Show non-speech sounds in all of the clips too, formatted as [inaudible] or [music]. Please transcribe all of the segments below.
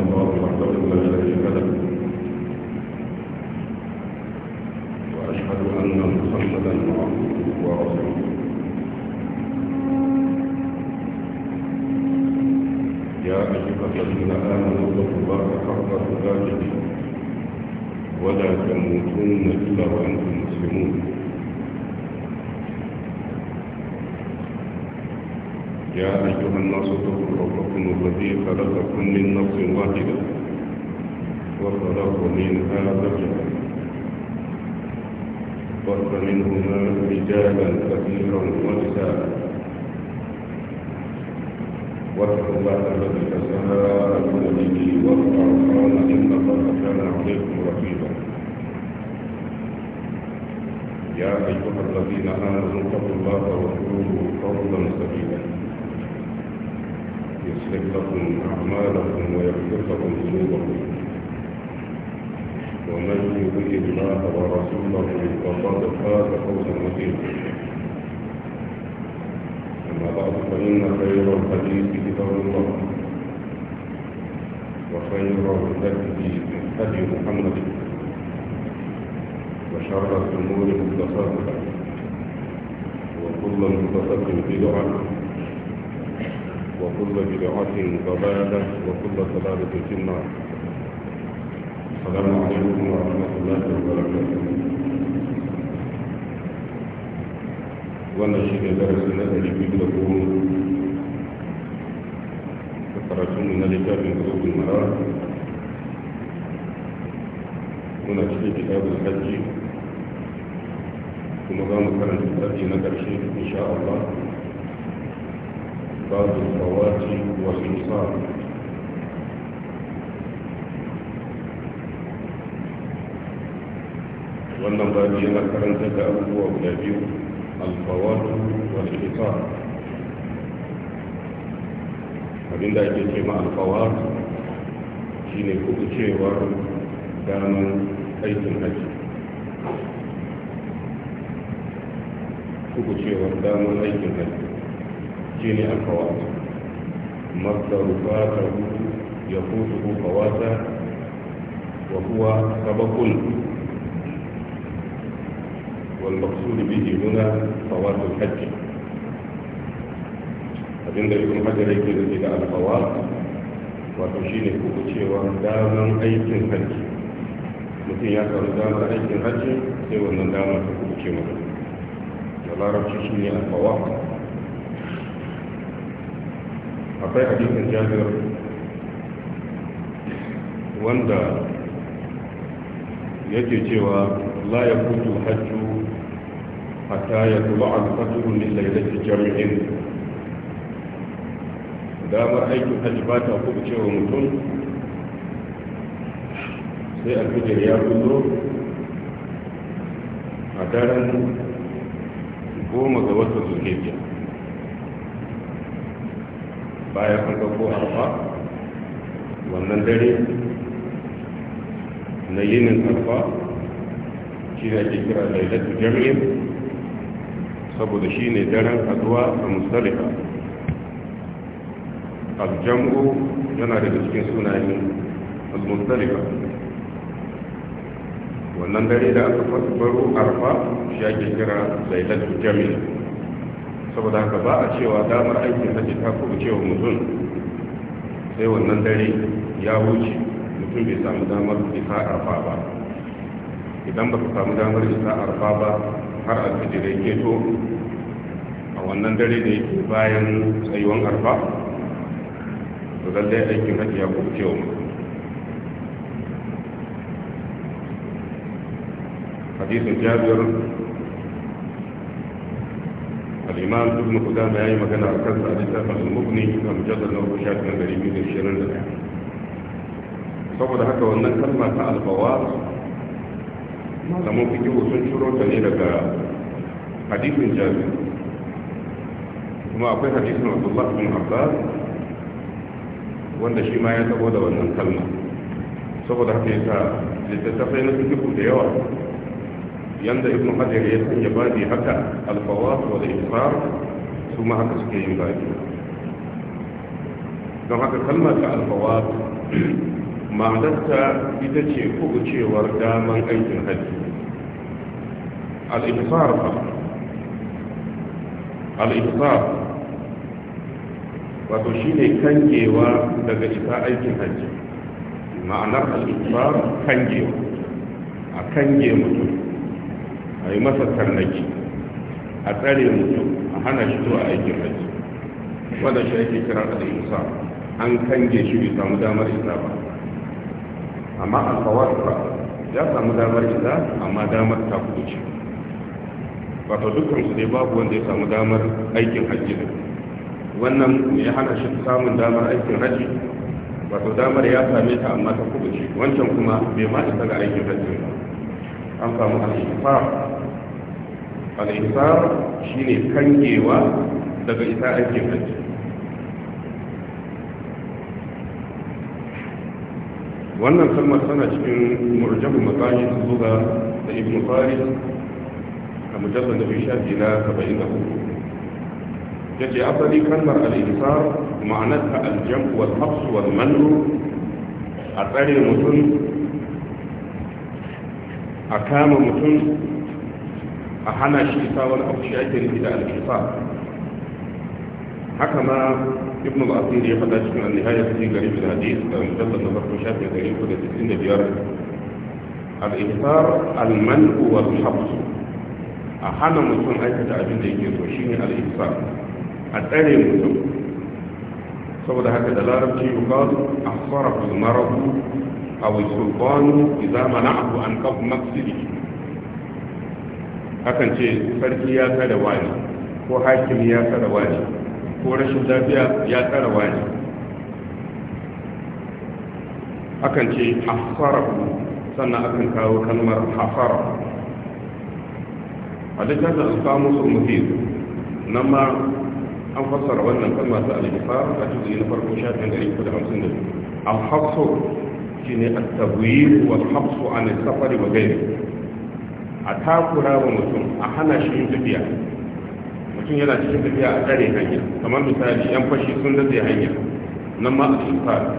الله وحده لا شريك له وأشهد أن محمدا عبده ورسوله يا أيها الذين آمنوا اتقوا الله حق تقاته ولا تموتن إلا وأنتم مسلمون أن صدقوا ربكم الذي خلقكم من نفس واحدة وخلق منها زوجها وخلق منهما رجالا كثيرا ونساء واتقوا الله الذي تساءلون به والارحام ان الله كان عليكم رقيبا يا ايها الذين امنوا اتقوا الله وقولوا قولا سديدا يصلح لكم أعمالكم ويغفر لكم ذنوبكم ومن يطيع الله ورسوله فقد فاز فوزا عظيما أما بعد فإن خير الحديث كتاب الله وخير الهدي هدي محمد وشر الأمور مختصرها وكل مختصر بدعاء وكل بدعة ضلالة وكل ضلالة في النار السلام عليكم ورحمة الله وبركاته ونشهد درس الذي يجبكم فقرأتم من في قلوب المرأة ونشهد كتاب الحج ونظام كان الحج نقرشه إن شاء الله باب الفواكه والحصار wannan babi yana karanta da abubuwa guda biyu alfawatu wal ihsar abin da ake ce ma alfawat shine kubucewar daman aikin haji aikin haji shi ne shine alfawat ya fatahu yafutuhu fawata wa huwa sabaqun wal maqsud bihi huna fawat al hajj abinda ibn hajar yake nufi da alfawa, wato shi ne shine kubucewa daman aikin hajji mutum ya samu damar aikin hajji sai wannan damar ta kubuce masa da larabci ne alfawa? akwai hadisin jabir wanda yake cewa la ya kutu hajju hatta ya tuba alfatuhu min lailati jami'in damar aikin hajji ba ta kuma cewa mutum sai a alfijir ya kullo a daren goma ga watan zuciya. baya an ɗauko arfa wannan dare na yinin arfa shi ne ake kira lailatu jami'in saboda shi ne daren haduwa a musalifa aljamu yana daga cikin sunayen al-musalifa wannan dare da aka faru arfa shi ake kira lailatu jami'in saboda haka ba a cewa damar aikin hajji ta kuma cewa mutum sai wannan dare ya wuce mutum bai samu damar isa arfa ba idan ba ka samu damar isa arfa ba har alfijirai keto a wannan dare da yake bayan tsayuwan arfa to lallai aikin hajji ya kuma cewa mutum hadisin الإمام ابن قدامة أي مكان أركز a الكتاب المغني المجلد له شاكل غريب من الشرين لله saboda haka wannan kalma ta alfawar malaman fikihu sun shiro ta ne daga hadisin jabir kuma akwai hadisin abdullah bin abbas wanda shi ma ya da wannan kalma saboda haka yasa littattafai na fikihu da yawa yanda ibn hajar ya sanya babi haka alfawar wa ifar su ma haka suke yin babi don haka kalmar ta alfawar ma'anarta ita ce cewar daman aikin hajji al-ifar al-ifar wato shine kangewa daga isa aikin hajji ma'anar al-ifar kangewa a kange mutum a yi masa tarnaki a tsare mutum a hana shi zuwa aikin haji wanda shi ake kira da isa an kange shi bai samu damar isa ba amma kawar ba ya samu damar isa amma damar ta kuce wato dukkan su dai babu wanda ya samu damar aikin haji da wannan ya hana shi samun damar aikin haji wato damar ya same ta amma ta kubuce wancan kuma bai ma isa ga aikin haji ba an samu al'ifa al'isar shi ne kangewa daga isa aikin hajji wannan kalmar tana cikin murjabu matsayi zuga da ibn faris a mujallar da shafi na 74 ya ce asali kalmar al'isar ma'anarta aljam'u wal hafsu wal manu a tsare mutum a kama mutum a hana shi isa wani abu shi ake rufi da alkifa haka ma ibn al-asir ya faɗa cikin al-nihaya fi garib al-hadith da mujallad na farko shafi 395 al-ihsar al-man'u wal-habs a hana mutum aikata abin da yake so shine al-ihsar a tsare mutum saboda haka da larabci yuqalu ahsarahu al-marad aw al-sultan idza mana'ahu an qaf maqsidihi Hakan ce sarki ya kada wani ko hakimi ya kada wani ko rashin lafiya ya kada wani Hakan ce hafara sannan akan kawo kalmar hafara a da littafin sun mufid nan ma an fassara wannan kalma ta al a cikin na farko shafin 152 al-hafsu shine at-tabwir wal hafsu an safari wa ghayrihi a takura wa mutum a hana shi yin tafiya mutum yana cikin tafiya a tsare hanya kamar misali yan fashi sun datse hanya nan ma a fara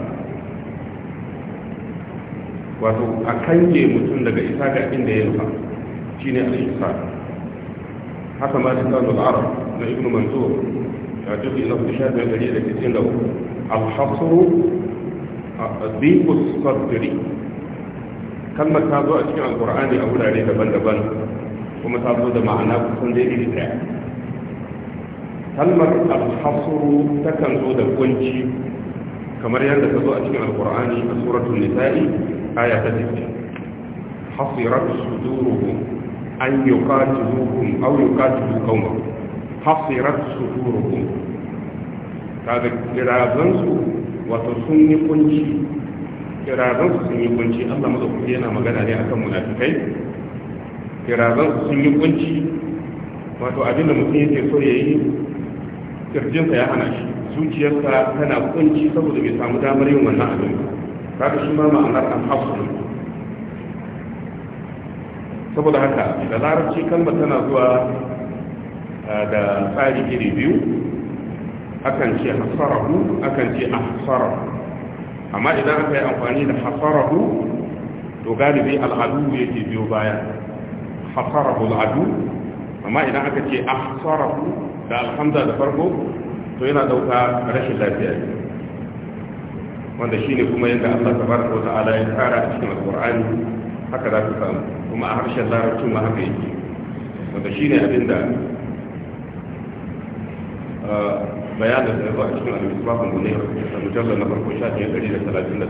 wato a kange mutum daga isa ga inda ya nufa a cikin fara haka ma shi kanu al na ibn mansur ya tafi na kudu shafin gari da kitin da al-hasru a tsikus sadri kalmar ta zo a cikin alkur'ani a wurare daban-daban kuma ta zo da ma'ana kusan dai iri ɗaya kalmar alhasuru takan zo da kunci kamar yadda ta zo a cikin alkur'ani a suratul nisa'i aya ta tafi hasirat suduruhum an yuqatiluhum aw yuqatilu qaumahum hasirat suduruhum kaga kirazansu wato sun yi kunci kirazan su sun yi kunci Allah madaukaki yana magana ne akan munafikai kirazan su sun yi kunci wato abin da mutum yake so ya yi kirjinsa ya hana shi zuciyarsa tana kunci saboda bai samu damar yin wannan abin ba kaga shi ma ma'anar an hafsu saboda haka da larabci kalmar tana zuwa eh, da tsari iri biyu akan ce hasarahu akan ce ahsarahu amma idan aka yi amfani da hasarahu to galibi al'adu yake biyo baya hasarahu al'adu amma idan aka ce ahsarahu da alhamza da farko to yana dauka rashin lafiya wanda ne kuma yadda Allah tabaraka wa ala ya tsara a cikin alqur'ani haka za ka samu kuma a harshen larabci ma haka yake wanda shine abinda uh, bayanin da ya zo a cikin al-misbahul munir da na farko shafin 138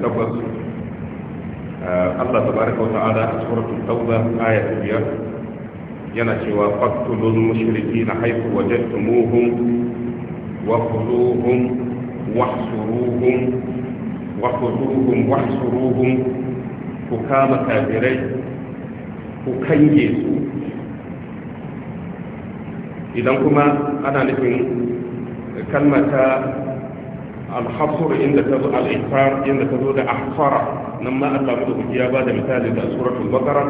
eh, Allah tabaraka wa ta'ala a suratul tauba aya biyar yana cewa faqtulul mushrikeena haythu wajadtumuhum وخذوهم ku kama واحصروهم ku كافرين كنجسوا idan kuma ana nufin kalmata alhasur inda ta zo al'ifar inda ta zo da ahfara nan ma Allah mu da kuke ya bada misali da suratul baqara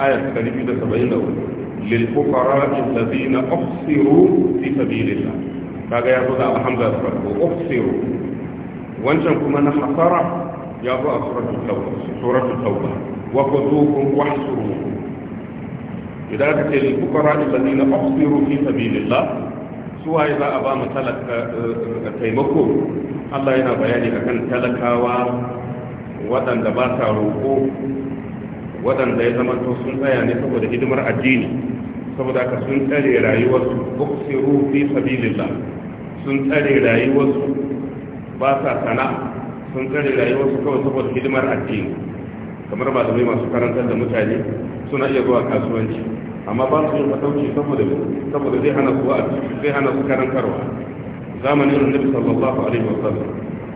aya ta 273 lil fuqara alladhina uhsiru fi sabilillah kaga ya zo da alhamza da farko uhsiru wancan kuma na hasara ya zo a suratul tauba suratul tauba wa qudukum wahsuru idan ka ce lil fuqara alladhina uhsiru fi sabilillah suwaye za a ba mu talaka eh, taimako Allah yana bayani akan talakawa waɗanda ba sa roƙo waɗanda ya zama to sun tsaya ne saboda hidimar addini saboda ka sun tsare rayuwarsu buksiru fi sabilillah sun tsare rayuwarsu ba sa sana sun tsare rayuwarsu kawai saboda hidimar addini kamar ba malamai masu karantar da mutane suna iya zuwa kasuwanci amma ba su yin fatauci saboda saboda zai hana su wa'azi zai hana su karan karantarwa zamanin annabi sallallahu alaihi wasallam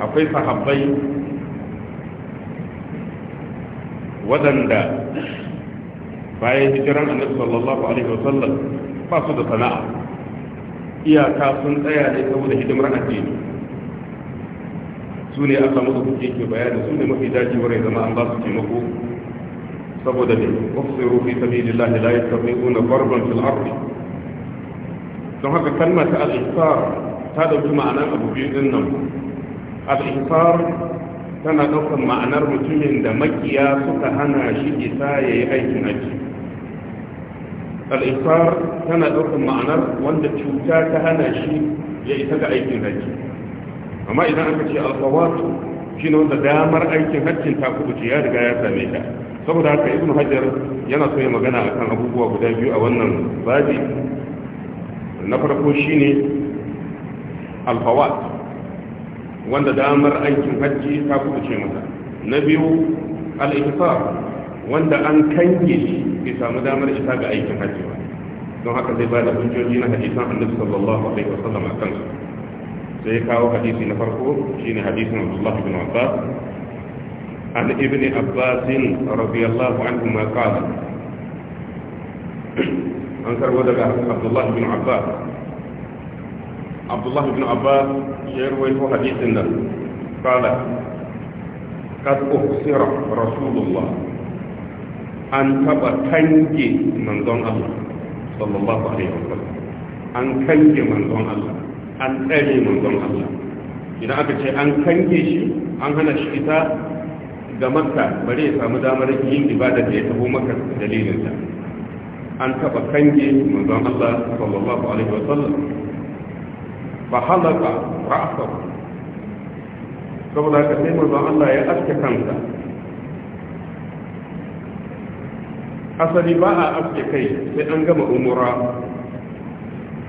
akwai sahabbai waɗanda bayan hijiran annabi sallallahu alaihi wasallam ba su da sana'a iyaka sun tsaya ne saboda hidimar addini su ne aka musu kuke ke bayani su ne mafi dacewar ya zama an ba su taimako saboda ne Rufi ufsiru fi sabilillah la yastati'una darban fil ard don haka kalmar ta al-ihsar ta dauki ma'anar abu biyu din nan al-ihsar tana daukar ma'anar mutumin da makiya suka hana shi isa ya yi aikin aji. al-ihsar tana daukar ma'anar wanda cuta ta hana shi ya isa ga aikin aji. amma idan aka ce al shi ne wanda damar aikin hajjin ta kubuce ya riga ya same ta saboda haka ibn hajar yana so ya magana akan abubuwa guda biyu a wannan babi na farko shine alfawa wanda damar aikin hajji ta kuɗa ce mata na biyu al'ifisar wanda an kange shi bai samu damar isa ga aikin hajji ba don haka zai ba da hujjoji na hadisan annabi sallallahu alaihi wasallam a kansu sai kawo hadisi na farko shine hadisin Abdullahi bin abbas عن ابن عباس رضي الله عنهما قال أنكر ودقى عبد الله بن عباس عبد الله بن عباس يروي حديثنا قال قد أخسر رسول الله أن تبقى تنجي من دون الله صلى الله عليه وسلم an kange manzon Allah an tsare manzon Allah idan aka ce an kange shi an hana shi ita ga makka bari ya samu damar yin ibada da ya taho maka dalilinta. an taba kange manzon Allah sallallahu alaihi wa sallam fa halaka ra'sahu saboda ka sai manzon Allah ya aske kansa asali ba a aske kai sai an gama umura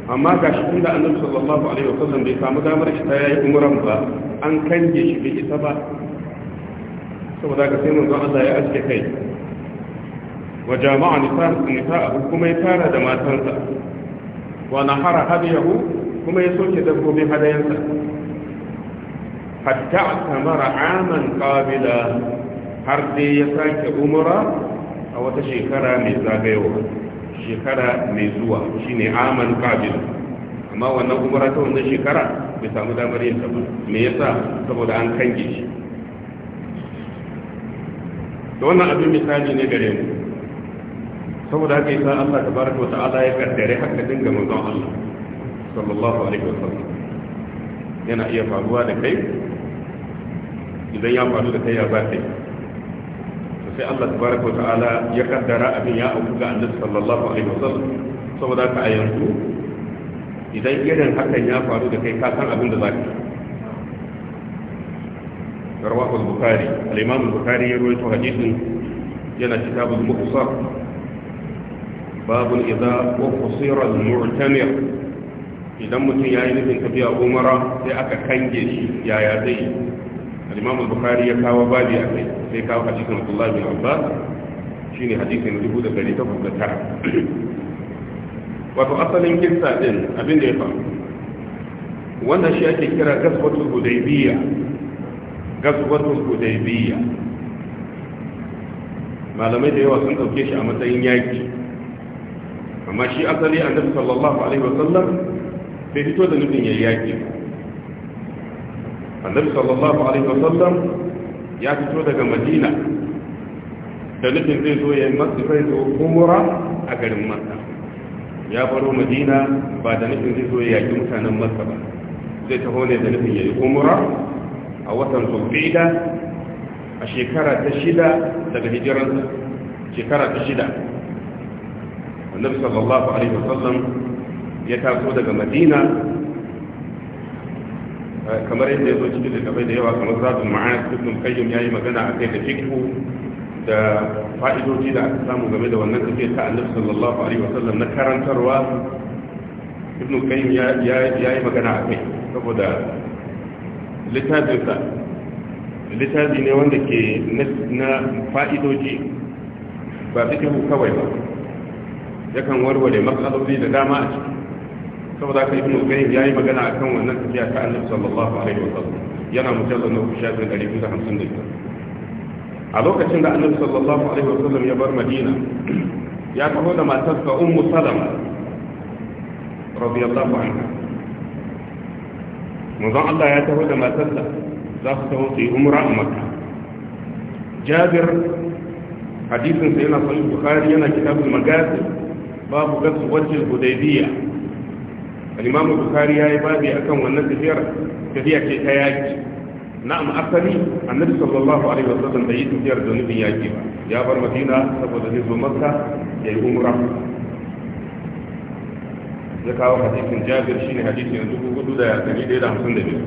amma ga shi inda annabi sallallahu alaihi wa sallam bai samu damar shi ta yayi umuran ba an kange shi bai isa ba saboda ka sai manzon Allah ya aske kai wa jama'a nisa'ahu kuma ya tara da matansa wa nahara hadiyahu kuma ya soke dabbobin hadayansa hatta tamara aman qabila har sai ya sake umura a wata shekara mai zagayowa shekara mai zuwa shine aman qabila amma wannan umura ta wannan shekara bai samu damar yin ta ba me yasa saboda an kange shi da wannan abin misali ne gare mu saboda haka yasa Allah tabaraka wata'ala ya kaddare haka dinga manzon Allah sallallahu alaihi wasallam yana iya faruwa da kai idan ya faru da kai ya ba kai to sai Allah tabaraka wata'ala ya kaddara abin ya auku ga Annabi sallallahu alaihi wasallam saboda haka a yanzu idan irin hakan ya faru da kai ka san abin da za ka yi rawahu al-bukhari al bukhari ya rawaito hadisin yana kitabul muqsar babun idza uqsira al-mu'tamir idan mutum yayi nufin tafiya umara sai aka kange shi yaya zai al-imam bukhari ya kawo babi a sai kawo wato asalin kissa din abin da ya faru wannan shi ake kira gaswatul hudaybiya gazwatul hudaybiya malamai da yawa sun dauke shi a matsayin yaki amma shi asali a annabi sallallahu alaihi wasallam bai fito da nufin yayi yaki annabi sallallahu alaihi wasallam ya fito daga madina da nufin zai zo ya yi masu zai zo a garin masa ya baro madina ba da nufin zai zo ya yaki mutanen masa ba zai taho ne da nufin ya yi kumura. a watan zulqa'ida a shekara ta shida daga hijiran shekara ta shida annabi sallallahu alaihi wasallam ya taso daga madina eh, kamar yadda ya zo cikin littafai da yawa kamar zaɓin ma'ana ibn kayyum ya yi magana a kai da fikhu da fa'idoji da aka samu game da wannan tafiya ta annabi sallallahu alaihi wasallam na karantarwa ibn qayyim ya yi magana a kai saboda littafinsa littafi ne wanda ke na fa'idoji ba fikihu kawai ba yakan warware matsaloli da dama a ciki saboda haka ibn qayyim yayi magana akan wannan tafiya ta annabi sallallahu alaihi wasallam yana mujallal na shafin ita. a lokacin da annabi sallallahu alaihi wasallam ya bar madina ya kawo da matarsa ummu salama radiyallahu anha manzon Allah ya taho da matarsa za su taho su yi umra a makka jabir hadisin sa yana sahih bukhari yana kitabul magazi babu gasu wajhul hudaybiya al-imam bukhari yayi babi akan wannan tafiyar tafiya ce ta yaki na'am asali annabi sallallahu alaihi wasallam bai yi tafiyar da nufin yaki ba ya bar madina saboda zai zo makka ya yi umra ya kawo hadisin jabir shine hadisin biyu.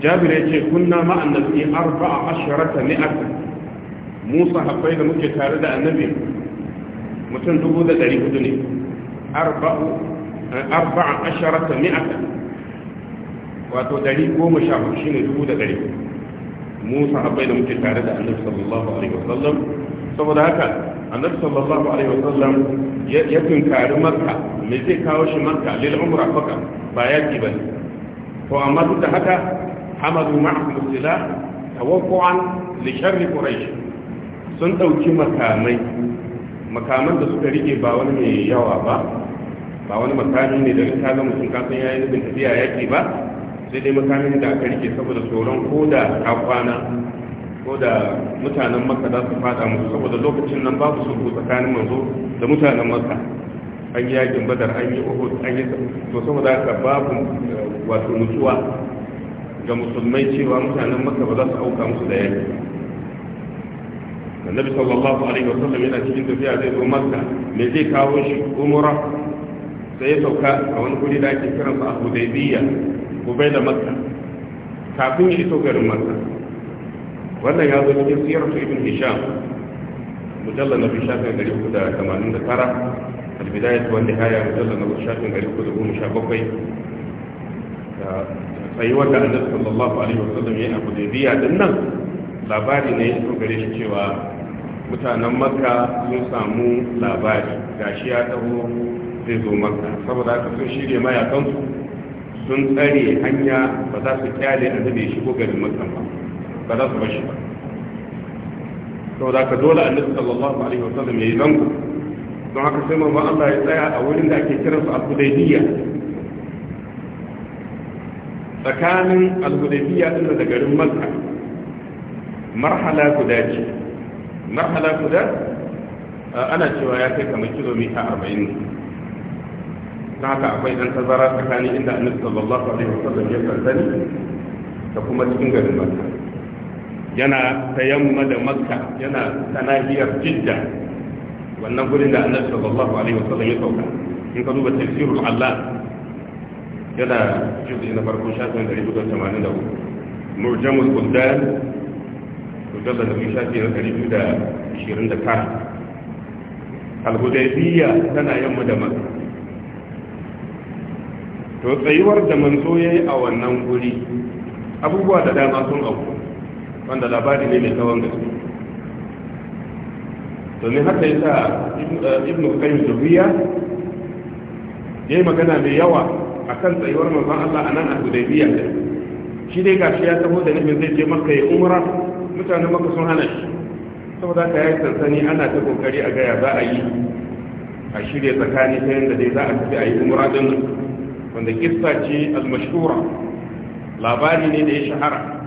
jabir ya ce kunna ma'an nabi arba'a asharata mi'ata mu sahabbai da muke tare da annabi mutum dubu da hudu ne arba'u eh, arba'a asharata mi'ata wato goma 114 shine 1400 mu sahabbai da muke tare da annabi sallallahu alaihi wasallam saboda haka annabi sallallahu alaihi wasallam ya tunkari marka me zai kawo shi marka lil umra faka ba yaki ba ne to amma duk da haka hamadu ma'akul sila tawakkuan li sharri quraish sun dauki makamai makaman da suka rike ba wani mai yawa ba ba wani makami ne da ka ga mutum kasan yayi nufin tafiya yaki ba sai dai makamin da aka rike saboda tsoron koda ka kwana ko da mutanen maka za su fada musu saboda lokacin nan babu su tsakanin manzo da mutanen maka an yi yakin badar an yi uhud an yi to saboda haka babu eh, wato nutsuwa ga musulmai cewa mutanen maka ba za su auka musu da yaki annabi sallallahu alaihi wa sallam yana cikin tafiya zai zo makka me zai kawo shi umra sai ya sauka a wani guri da ake kiransa a hudaybiya ko bai da makka kafin ya iso garin makka wannan ya zo cikin siyar su ibn hisham mujalla na bishafin gari uku da tamanin da tara albidayat wanda haya mujalla na bishafin gari uku da goma sha bakwai Da tsayuwar da annabi sallallahu alaihi wasallam ya yi abu da biya din nan labari ne ya gare shi cewa mutanen makka sun samu labari gashi ya taho zai zo makka saboda haka sun shirya mayakansu sun tsare hanya ba za su kyale annabi ya shigo garin makka ba ba za su bashi shi ba saboda ka dole a annabi sallallahu alaihi wasallam ya yi zango don haka sai manzon Allah ya tsaya a wurin da ake kiransa al-Hudaybiyya tsakanin al-Hudaybiyya din da garin Makka marhala guda ce marhala guda ana cewa ya kai kamar kilomita 40 don haka akwai ɗan tazara tsakanin inda annabi sallallahu alaihi wasallam ya sansani da kuma cikin garin Makka yana ta da makka yana ta nahiyar jidda wannan gurin da annabi sallallahu alaihi wasallam ya sauka in ka duba tafsirul allah yana juzu na farko shafin 183 murjamul quldan mujallad da shafi na 229 al-hudaybiyya tana yamma da makka to tsayuwar da manzo yayi a wannan guri abubuwa da dama sun auku wanda labari ne mai tsawon gaske domin haka ya sa ibn qayyim zuriya ya yi magana mai yawa a kan tsayuwar manzon Allah a nan a Hudaybiya shi dai gashi ya taho da nufin zai je maka ya umra mutane maka sun hana shi saboda ka yi sansani ana ta kokari a gaya za a yi a shirya tsakani ta yadda dai za a tafi a yi umra din wanda kissa ce al-mashhura labari ne da ya shahara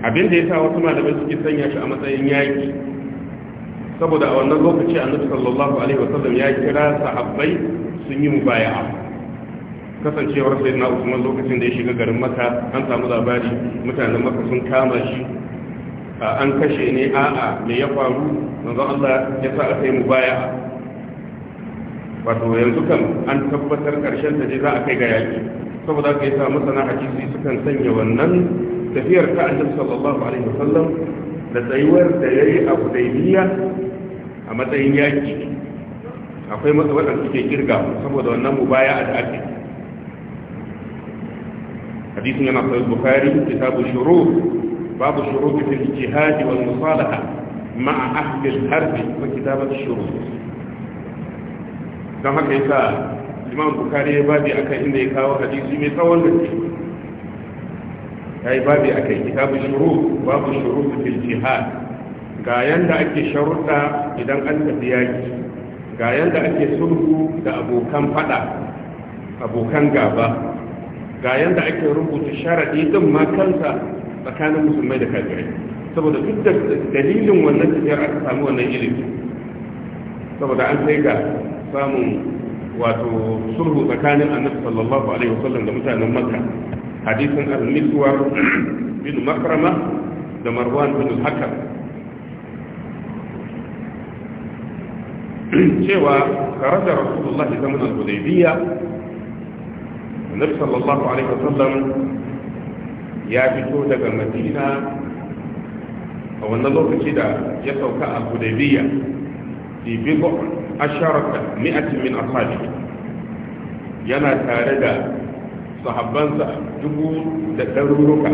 abin da ya sa wasu malamai suke sanya shi a matsayin yaƙi saboda a wannan lokaci nufi sallallahu alaihi wasallam ya kira sahabbai sun yi a kasancewar sai na usman lokacin da ya shiga garin maka an samu labari mutanen maka sun kama shi an kashe ne a'a me ya faru manzon Allah ya sa aka yi mubaya'a wato yanzu kan an tabbatar karshen ta je za a kai ga yaƙi saboda aka yi sa masana hadisi sukan sanya wannan tafiyar ta annabi sallallahu alaihi wasallam da tsayuwar da ya yi a hudaybiya a matsayin yaki akwai matsalar da suke kirga saboda wannan mu baya a ake hadisin yana sahih bukhari kitabu shurut babu shurut fi Jihadi, jihad musalaha ma'a ahli al-harb kitabar kitabat Don dan haka yasa imam Bukari ya babi akan inda ya kawo hadisi mai tsawon gaske ya yi babi a kai kitabu shuru babu shuru fil jihad ga yanda ake sharuɗa idan an tafi yaƙi, ga yanda ake sulhu da abokan fada abokan gaba ga yanda ake rubuta sharaɗi din ma kansa tsakanin musulmai da kafirai saboda duk da dalilin wannan tafiyar aka samu wannan ilimi saboda an sai ga samun wato sulhu tsakanin annabi sallallahu alaihi wasallam da mutanen makka hadisin al bin makrama da marwan bin hakam cewa tare da rasulullahi zaman al-hudaybiyya annabi sallallahu alaihi wasallam ya fito daga madina a wannan lokaci da ya sauka a hudaybiyya fi bidu asharata min ashabi yana tare da sahabbansa dubu da ɗaruruka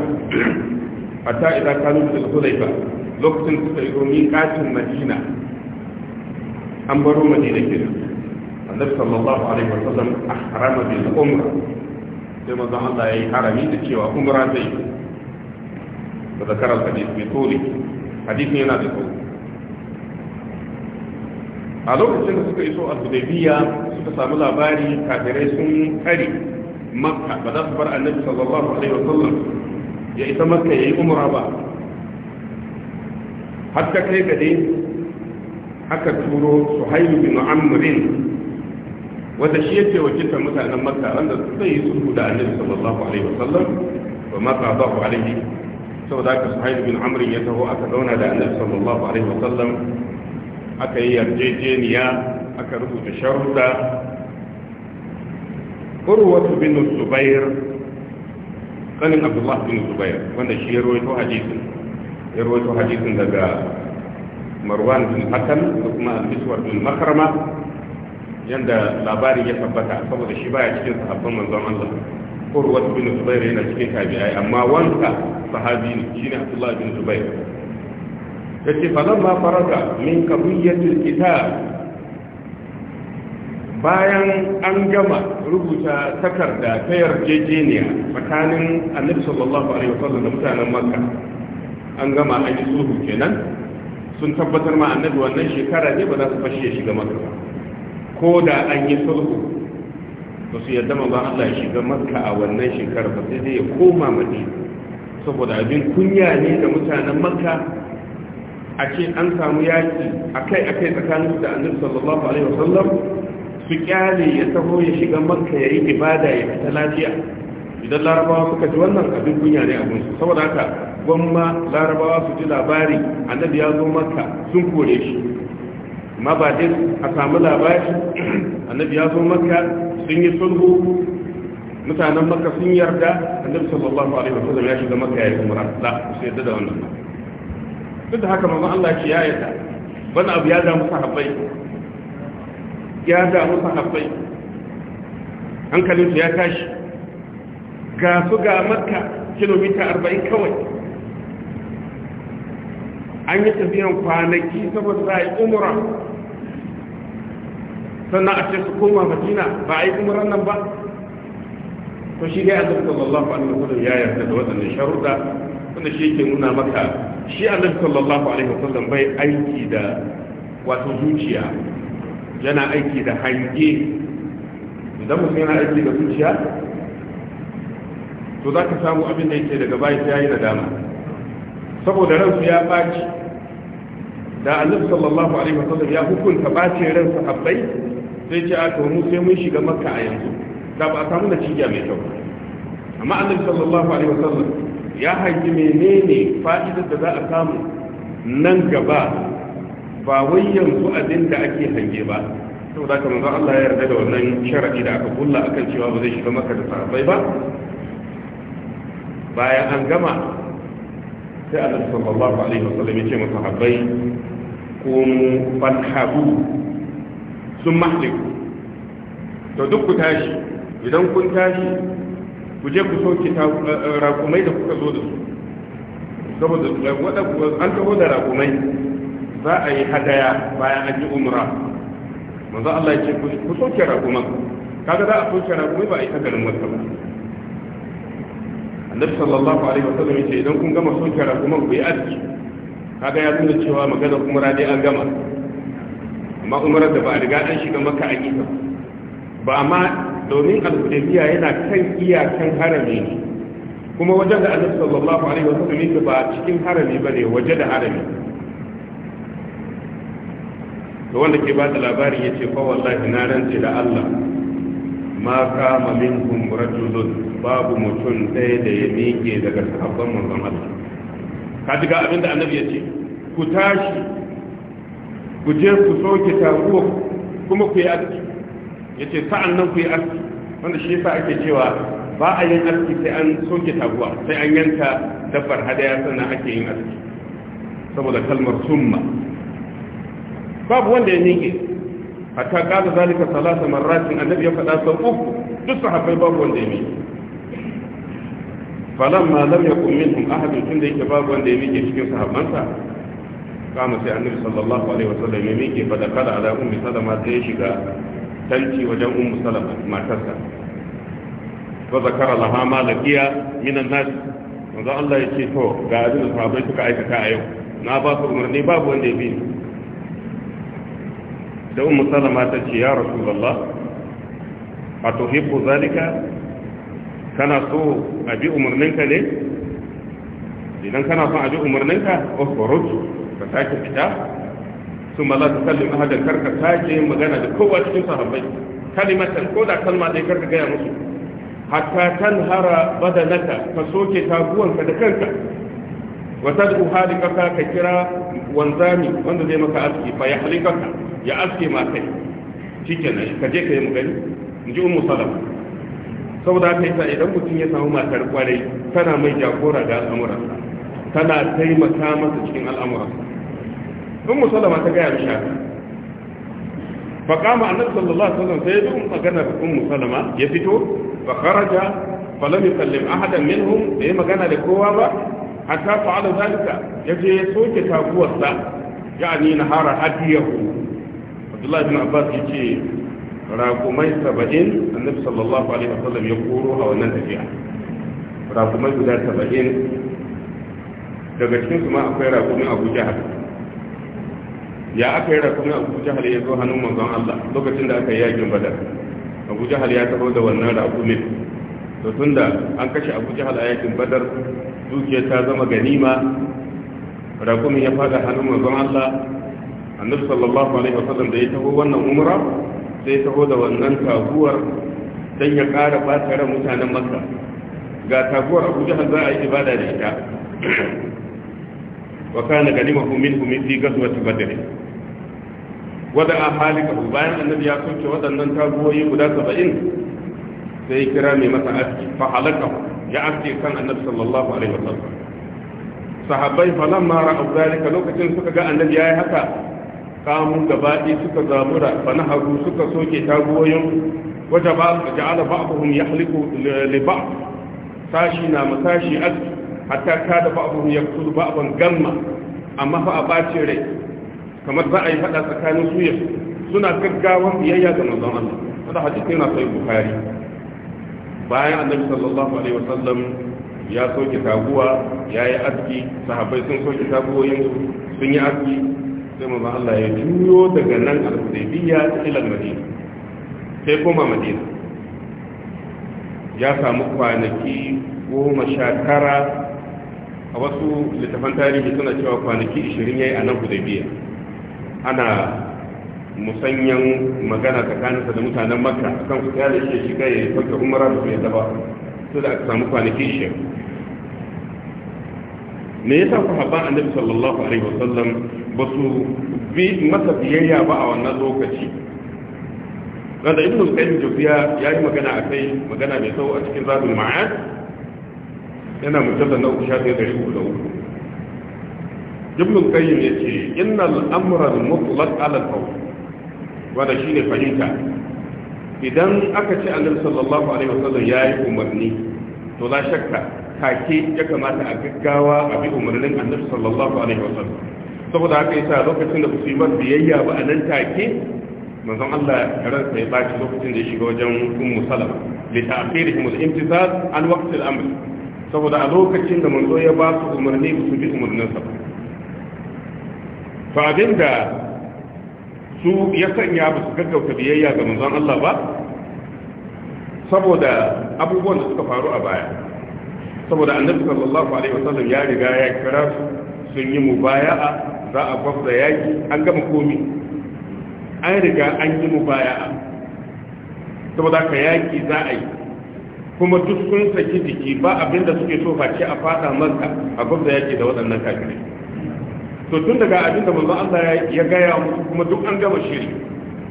A idan kanu da Hudayfa lokacin suka yi domin katin Madina an baro Madina A annabi Mallahu alaihi wa a ahrama bil umra sai manzon Allah yi harami da cewa umra zai da zakar hadith mai tuli hadith yana da tuli a lokacin da suka iso al-Hudaybiyya suka samu labari kafirai sun kare makka ba za su bar annabi sallallahu alaihi wa sallam ya isa makka ya yi umra ba har ta kai gade aka turo suhailu bin amrin wata shi yake wakiltar mutanen makka wanda zai yi sulhu da annabi sallallahu alaihi wa sallam wa ma qadahu alaihi saboda haka suhailu bin amrin ya taho aka zauna da annabi sallallahu alaihi wa sallam aka yi yarjejeniya aka rubuta sharuda urwatu bin zubair kanin abdullah bin zubair wanda shi ya rawaito hadisin ya rawaito hadisin daga marwan bin hakan da kuma al-miswar bin makarma yanda labarin ya tabbata saboda shi baya cikin sahabban manzon Allah urwatu bin zubair yana cikin tabi'ai amma wanka sahabi ne shine abdullah bin zubair yace falamma faraga min kabiyatil kitab bayan an gama rubuta takarda ta yarjejeniya tsakanin annabi sallallahu alaihi wasallam da mutanen makka an gama an yi sulhu kenan sun tabbatar ma annabi wannan shekara ne ba za su fashe shiga makka ba ko da an yi sulhu ba su yadda ba Allah ya shiga makka a wannan shekara ba sai dai ya koma madina saboda abin kunya ne da mutanen makka a ce an samu yaki akai akai tsakanin da annabi sallallahu alaihi wasallam su kyale ya taho ya shiga makka ya yi ibada ya fita lafiya idan larabawa suka ji wannan abin kunya ne abin su saboda haka gwamma larabawa su ji labari annabi ya zo makka sun kore shi amma ba dai a samu labari [clears throat] annabi ya zo makka sun yi sulhu mutanen makka sun yarda annabi sallallahu alaihi wasallam ya shiga makka ya yi umra la su yarda da wannan duk da haka mamman Allah ya yarda wani abu ya damu sahabbai ya damu sahabbai hankalinsu ya tashi ga su ga makka kilomita arba'in kawai an yi tafiyan kwanaki saboda za a yi umura sannan a ce su koma madina ba a yi umuran nan ba to shi dai azabta sallallahu alaihi wasallam ya yarda da waɗannan sharuɗa wanda shi yake nuna maka shi annabi sallallahu alaihi wasallam bai aiki da wato zuciya yana aiki da hange idan mutum yana aiki da zuciya to za ka samu abin da yake daga bayan ya yi nadama saboda ransu ya ɓaci da annabi sallallahu alaihi wasallam ya hukunta ɓacin ransa habbai sai ce a to sai mun shiga makka a yanzu da ba a samu natija mai kyau amma annabi sallallahu alaihi wasallam ya hangi menene fa'idar da za a samu nan gaba ba wai yanzu abin da ake hange ba saboda haka manzo Allah ya yarda da wannan sharadi da aka kulla akan cewa ba zai shiga maka da sahabbai ba bayan an gama sai Allah sallallahu alaihi wasallam ya ce masa sahabbai qumu fanhabu sun mahliku to duk ku tashi idan kun tashi ku je ku soke eh, rakumai da kuka zo da su saboda eh, an taho da rakumai za a yi hadaya bayan an yi umra manzo Allah ya ce ku soke raguma kaga za a soke raguma ba a yi takalin wata ba annabi sallallahu alaihi wasallam ya ce idan kun gama soke raguma ku yi aski kaga ya nuna cewa magana umra dai an gama amma umra da ba a riga an shiga maka a yi ba ba ma domin al-hudaybiya yana kan iyakan harami ne kuma wajen da annabi sallallahu alaihi wasallam yake ba cikin harami bane waje da harami to wanda ke bada labarin yace fa wallahi na rantsi da Allah ma kama minkum rajulun babu mutum ɗaya da ya miƙe daga sahabban manzon ka ji ga abinda annabi yace ku tashi ku je ku soke taguwa kuma ku yi aski yace sa'an nan ku yi aski wanda shi yasa ake cewa ba a yin aski sai an soke taguwa sai an yanka dabbar hadaya sannan ake yin aski saboda kalmar summa babu wanda ya miƙe hatta kaza zalika salasa marratin annabi ya faɗa sau uku duk sahabbai babu wanda ya miƙe falamma lam yakun minhum tun da yake babu wanda ya miƙe cikin sahabbansa kama sai annabi sallallahu alaihi wasallam ya miƙe fa da kala ala ummi salama sai ya shiga tanti wajen ummu salama matarsa fa zakara laha ma laqiya minan nas manzo Allah yake to ga abin da sahabbai suka aikata a yau na ba su umarni babu wanda ya bi da ummu salama ta ce ya rasulullah a tuhibbu zalika kana so a bi umarninka ne idan kana son a bi umarninka ukhruj ka sake fita kuma ta kalli ahadan karka sake magana da kowa cikin sahabbai kalimatan ko da kalma dai karka gaya musu hatta tanhara badanaka ka soke taguwanka da kanka wa tad'u kaka ka kira wanzami wanda zai maka aski fa yahlikaka ya aske ma kai shi kenan ka je ka yi magani in ji umu salam saboda haka yasa idan mutum ya samu matar kwarai tana mai jagora da al'amuran tana taimaka masa cikin al'amuran in mu salama ta gaya misha fa kama annabi sallallahu alaihi wasallam sai ya duka magana da ummu salama ya fito fa kharaja fa lam yukallim ahadan minhum bai magana da kowa ba hatta fa'ala zalika yaje ya soke taguwarsa ya ani nahara hadiyahu abdullahi bin abbas ya ce rakumai saba'in annabi sallallahu alaihi wasallam ya koro a wannan tafiya rakumai guda saba'in daga cikin su ma akwai rakumin abu jahal ya aka yi rakumin abu jahal ya zo hannun manzon allah lokacin da aka yi yakin badar abu jahal ya taho da wannan da tun da an kashe abu jahal a yakin badar dukiyar ta zama ganima rakumin ya faɗa hannun manzon allah annabi sallallahu alaihi wasallam da ya taho wannan umra sai taho da wannan taguwar dan ya ƙara bata ran mutanen makka ga taguwar abu jahal za a yi ibada da ita wa kana ganimahu minhum fi ghazwati badr wada a halika bayan annabi ya soke waɗannan taguwoyi guda 70 sai kira mai masa aski fa halaka ya aski kan annabi sallallahu alaihi wasallam sahabbai falamma ra'u zalika lokacin suka ga annabi yayi haka kamun gabaɗi suka zamura bana naharu suka soke taguwoyin wata ba su ja'ala ba'dhum yahliku li ba'd sashi na masashi aski, hatta kada ba'dhum yaqtulu ba'dan gamma amma fa a bace rai kamar za a yi faɗa tsakanin suya suna gaggawa biyayya ga manzon Allah wanda hadisi yana sai bukhari bayan annabi sallallahu alaihi wasallam ya soke taguwa yayi aski sahabbai sun soke taguwoyin sun yi aski sai manzon Allah ya juyo daga nan al-Hudaybiyya ila Madina sai koma Madina ya samu kwanaki goma sha tara a wasu littafan tarihi suna cewa kwanaki ishirin yayi a nan Hudaybiyya ana musanyan magana tsakaninsa da mutanen makka kan su kyale shi shiga ya fata umara da su yadda ba su da aka samu kwanaki ishirin me yasa ku haɓa annabi sallallahu alaihi wasallam ba su bi masa biyayya ba a wannan lokaci wanda ibn al-qayyim jufiya ya yi magana a kai magana mai sau a cikin zadul ma'ad yana mujallar na uku sha ɗaya da uku da uku ibn al-qayyim ya ce inna al-amra al-mutlaq ala al-qawl wanda shine fahimta idan aka ce annabi sallallahu alaihi wasallam yayi umarni to la shakka take ya kamata a gaggawa a bi umarnin annabi sallallahu alaihi wasallam saboda haka yasa lokacin da su yi ba biyayya ba a nan take manzon Allah ya ransa ya baci lokacin da ya shiga wajen ummu salama li ta'khirihim al-imtisal an waqt al-amr saboda a lokacin da manzo ya ba su umarni su bi umarnin sa to abinda su ya sanya ba su gaggauta biyayya ga manzon Allah ba saboda abubuwan da suka faru a baya saboda annabi sallallahu alaihi wasallam ya riga ya kira su sun yi mubaya'a za a gwabza yaki an gama komi an riga an yi mu baya saboda ka yaki za a yi kuma duk sun saki jiki ba abin da suke so face a fada maka a gwabza yaki da waɗannan kafirai to tun daga abin da manzo Allah ya gaya musu kuma duk an gama shiri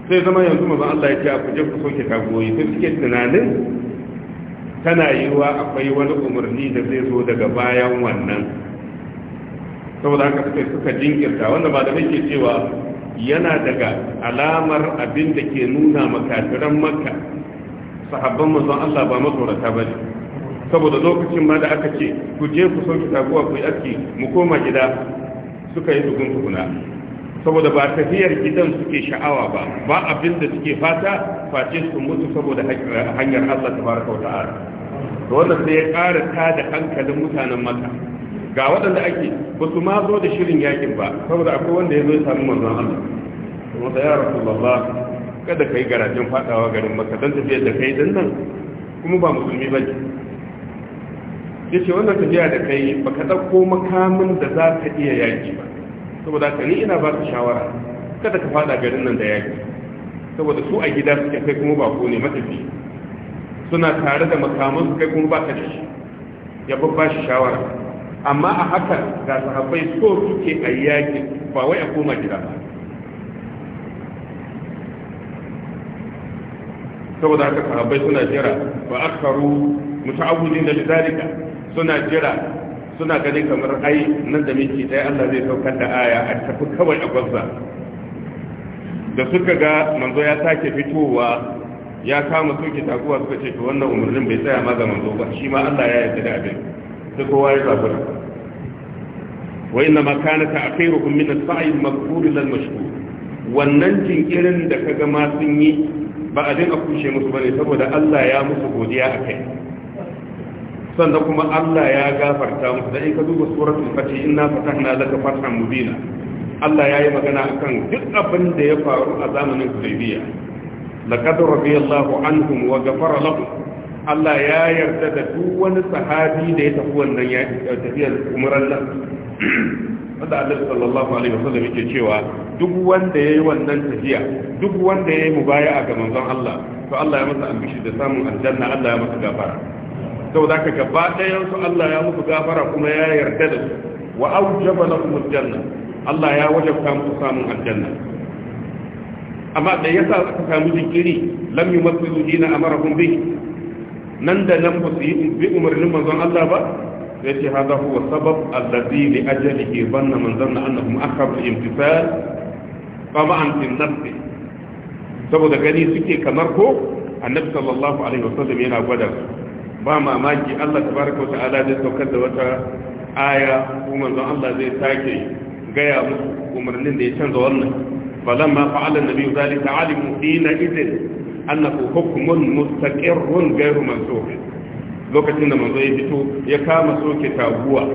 sai zama yanzu manzo Allah ya ce a kuje ku soke kagoyi sai suke tunanin tana yiwa akwai wani umarni da zai zo daga bayan wannan saboda haka suka suka jinkirta wanda ba da nake cewa yana daga alamar abin da ke nuna makafiran makka sahabban manzon Allah ba masorata ba ne saboda lokacin ma da aka ce ku je ku sauki taguwa ku yi aski mu koma gida suka yi dugun tukuna saboda ba tafiyar gidan suke sha'awa ba ba abin da suke fata face su mutu saboda hanyar Allah tabaraka wa ta'ala to wannan sai ya ƙara tada hankalin mutanen makka ga waɗanda ake ba su ma zo da shirin yakin ba saboda akwai wanda ya zo ya samu manzon Allah kuma sai ya rasulullah kada kai garajin fadawa garin maka dan tafiyar da kai din nan kuma ba musulmi ba Ya ce wannan tafiya da kai baka ɗauko makamin da za ka iya yaki ba saboda ka ni ina ba ka shawara kada ka fada garin nan da yaki saboda su a gida suke kai kuma ba ku ne matafi suna tare da makamansu su kai kuma ba ka da shi ya babba shi shawara amma a haka ga sahabbai so suke a yaki ba wai a koma gida ba saboda haka sahabbai suna jira ba aksaru muta'awwidin da lidalika suna jira suna gani kamar ai nan da miki dai Allah zai saukar da aya a tafi kawai a gwazza da suka ga manzo ya sake fitowa ya kama suke taguwa suka ce to wannan umarnin bai tsaya ma ga manzo ba shi ma Allah ya yarda da abin Duk kowa ya zafara wa inna ma kana ta'khiruhum min as-sa'i al-mazkur lil mashkur wannan jinkirin da ka ma sun yi ba a dinga kushe musu bane saboda Allah ya musu godiya akai sannan kuma Allah ya gafarta musu da in ka duba suratul fatih inna fatahna laka fathan mubina Allah ya yi magana akan duk abinda ya faru a zamanin Hudaybiya laqad radiyallahu anhum wa ghafara Allah ya yarda da duk wani sahabi da ya tafi wannan ya wanda Allah sallallahu alaihi wasallam yake cewa duk wanda yayi wannan tafiya duk wanda yayi mubaya'a ga manzon Allah to Allah ya masa albishi da samun aljanna Allah ya masa gafara saboda ka gaba ɗayan su Allah ya musu gafara kuma ya yarda da su wa aujaba lahum aljanna Allah ya wajabta musu samun aljanna amma da yasa aka samu jinkiri lam yumathilu dina amarahum bi nan da nan ba su yi umarnin manzon Allah ba yace hada huwa sabab alladhi li ajalihi dhanna man dhanna annahum akhar al-imtithal qama an tinnabi saboda gani suke kamar ko annabi sallallahu alaihi wasallam yana gwada ba mamaki Allah tabaraka wa ta'ala zai saukar da wata aya ko manzon Allah zai sake gaya musu umarnin da ya canza wannan falamma fa'ala an-nabiyyu zalika alimu hina idin annahu hukmun mustaqirrun lokacin da manzo ya fito ya kama soke taguwa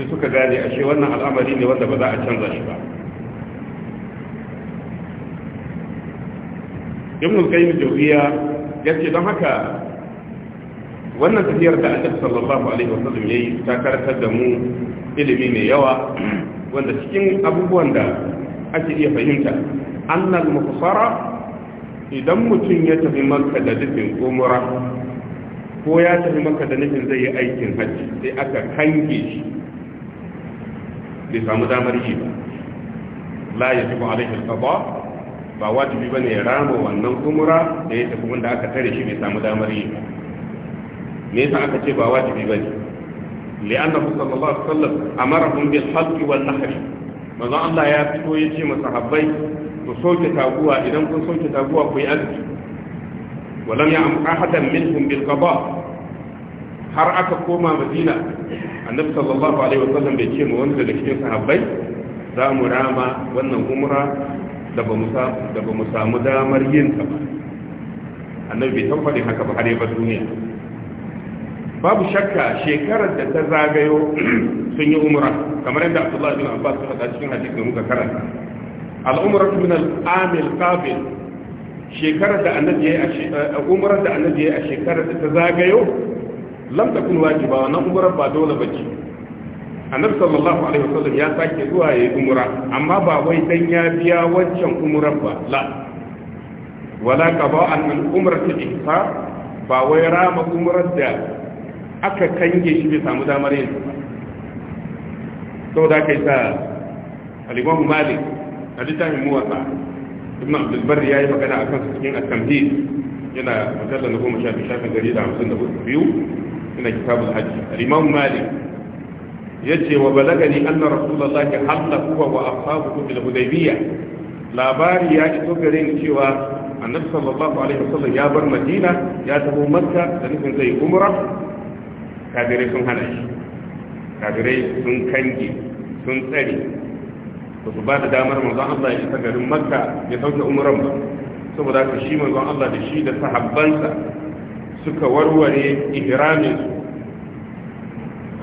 sai suka gane ashe wannan al'amari ne wanda ba za a canza shi ba ibn qayyim jawziya yace don haka wannan tafiyar da annabi sallallahu alaihi wasallam yayi ta karatar da mu ilimi mai yawa wanda cikin abubuwan da ake iya fahimta annal mufsara idan mutum ya tafi makka da dukkan umra ko ya tafi maka da nufin zai yi aikin hajji sai aka hange shi bai samu damar yi ba la ya tafi alaihi alqada ba wajibi ba ne ya rama wannan umura da ya tafi wanda aka tare shi bai samu damar yi ba me yasa aka ce ba wajibi ba bane li'annahu sallallahu alaihi wasallam amarahum bil hajji wal nahr manzo Allah ya fito ya ce masahabbai ku soke taguwa idan kun soke taguwa ku yi azumi ولم يعم أحدا منهم بالقضاء har aka koma madina annabi sallallahu alaihi wasallam bai ce mu wanda daga cikin sahabbai za mu rama wannan umra da ba mu samu damar yin ta ba annabi bai tabbata haka ba har yaba duniya babu shakka shekarar da ta zagayo [clears throat] sun yi umra kamar yadda abdullahi bin abbas ya faɗa cikin hadisi da muka karanta al'umratu min al-amil qabil shekarar da annabi ya yi a eh, umrar da annabi ya yi a shekarar da ta zagayo lam takun wajiba wannan umrar ba dole bace annabi sallallahu alaihi wasallam ya sake zuwa yayin umra amma ba wai dan ya biya wancan umrar ba la wala ba an al ta ihsa ba wai rama umrar da aka kange shi bai samu damar yin saboda kai sa al-imam malik hadithan muwatta muwasa ibn abdulbar ya yi magana a cikin at-tamhid yana magana na goma sha biyu shafin gari da hamsin da biyu ina kitabul hajji al-imam malik yace wa balagani anna rasulullahi halla huwa wa ashabuhu bil hudaybiyya labari ya iso gare ni cewa annabi sallallahu alaihi wasallam ya bar madina ya tafi makka da nufin zai umra kafirai sun hana shi kafirai sun kange sun tsare ba su ba da damar manzon Allah ya isa garin makka ya sauka umran ba saboda ka shi manzon shi da suka warware ihramin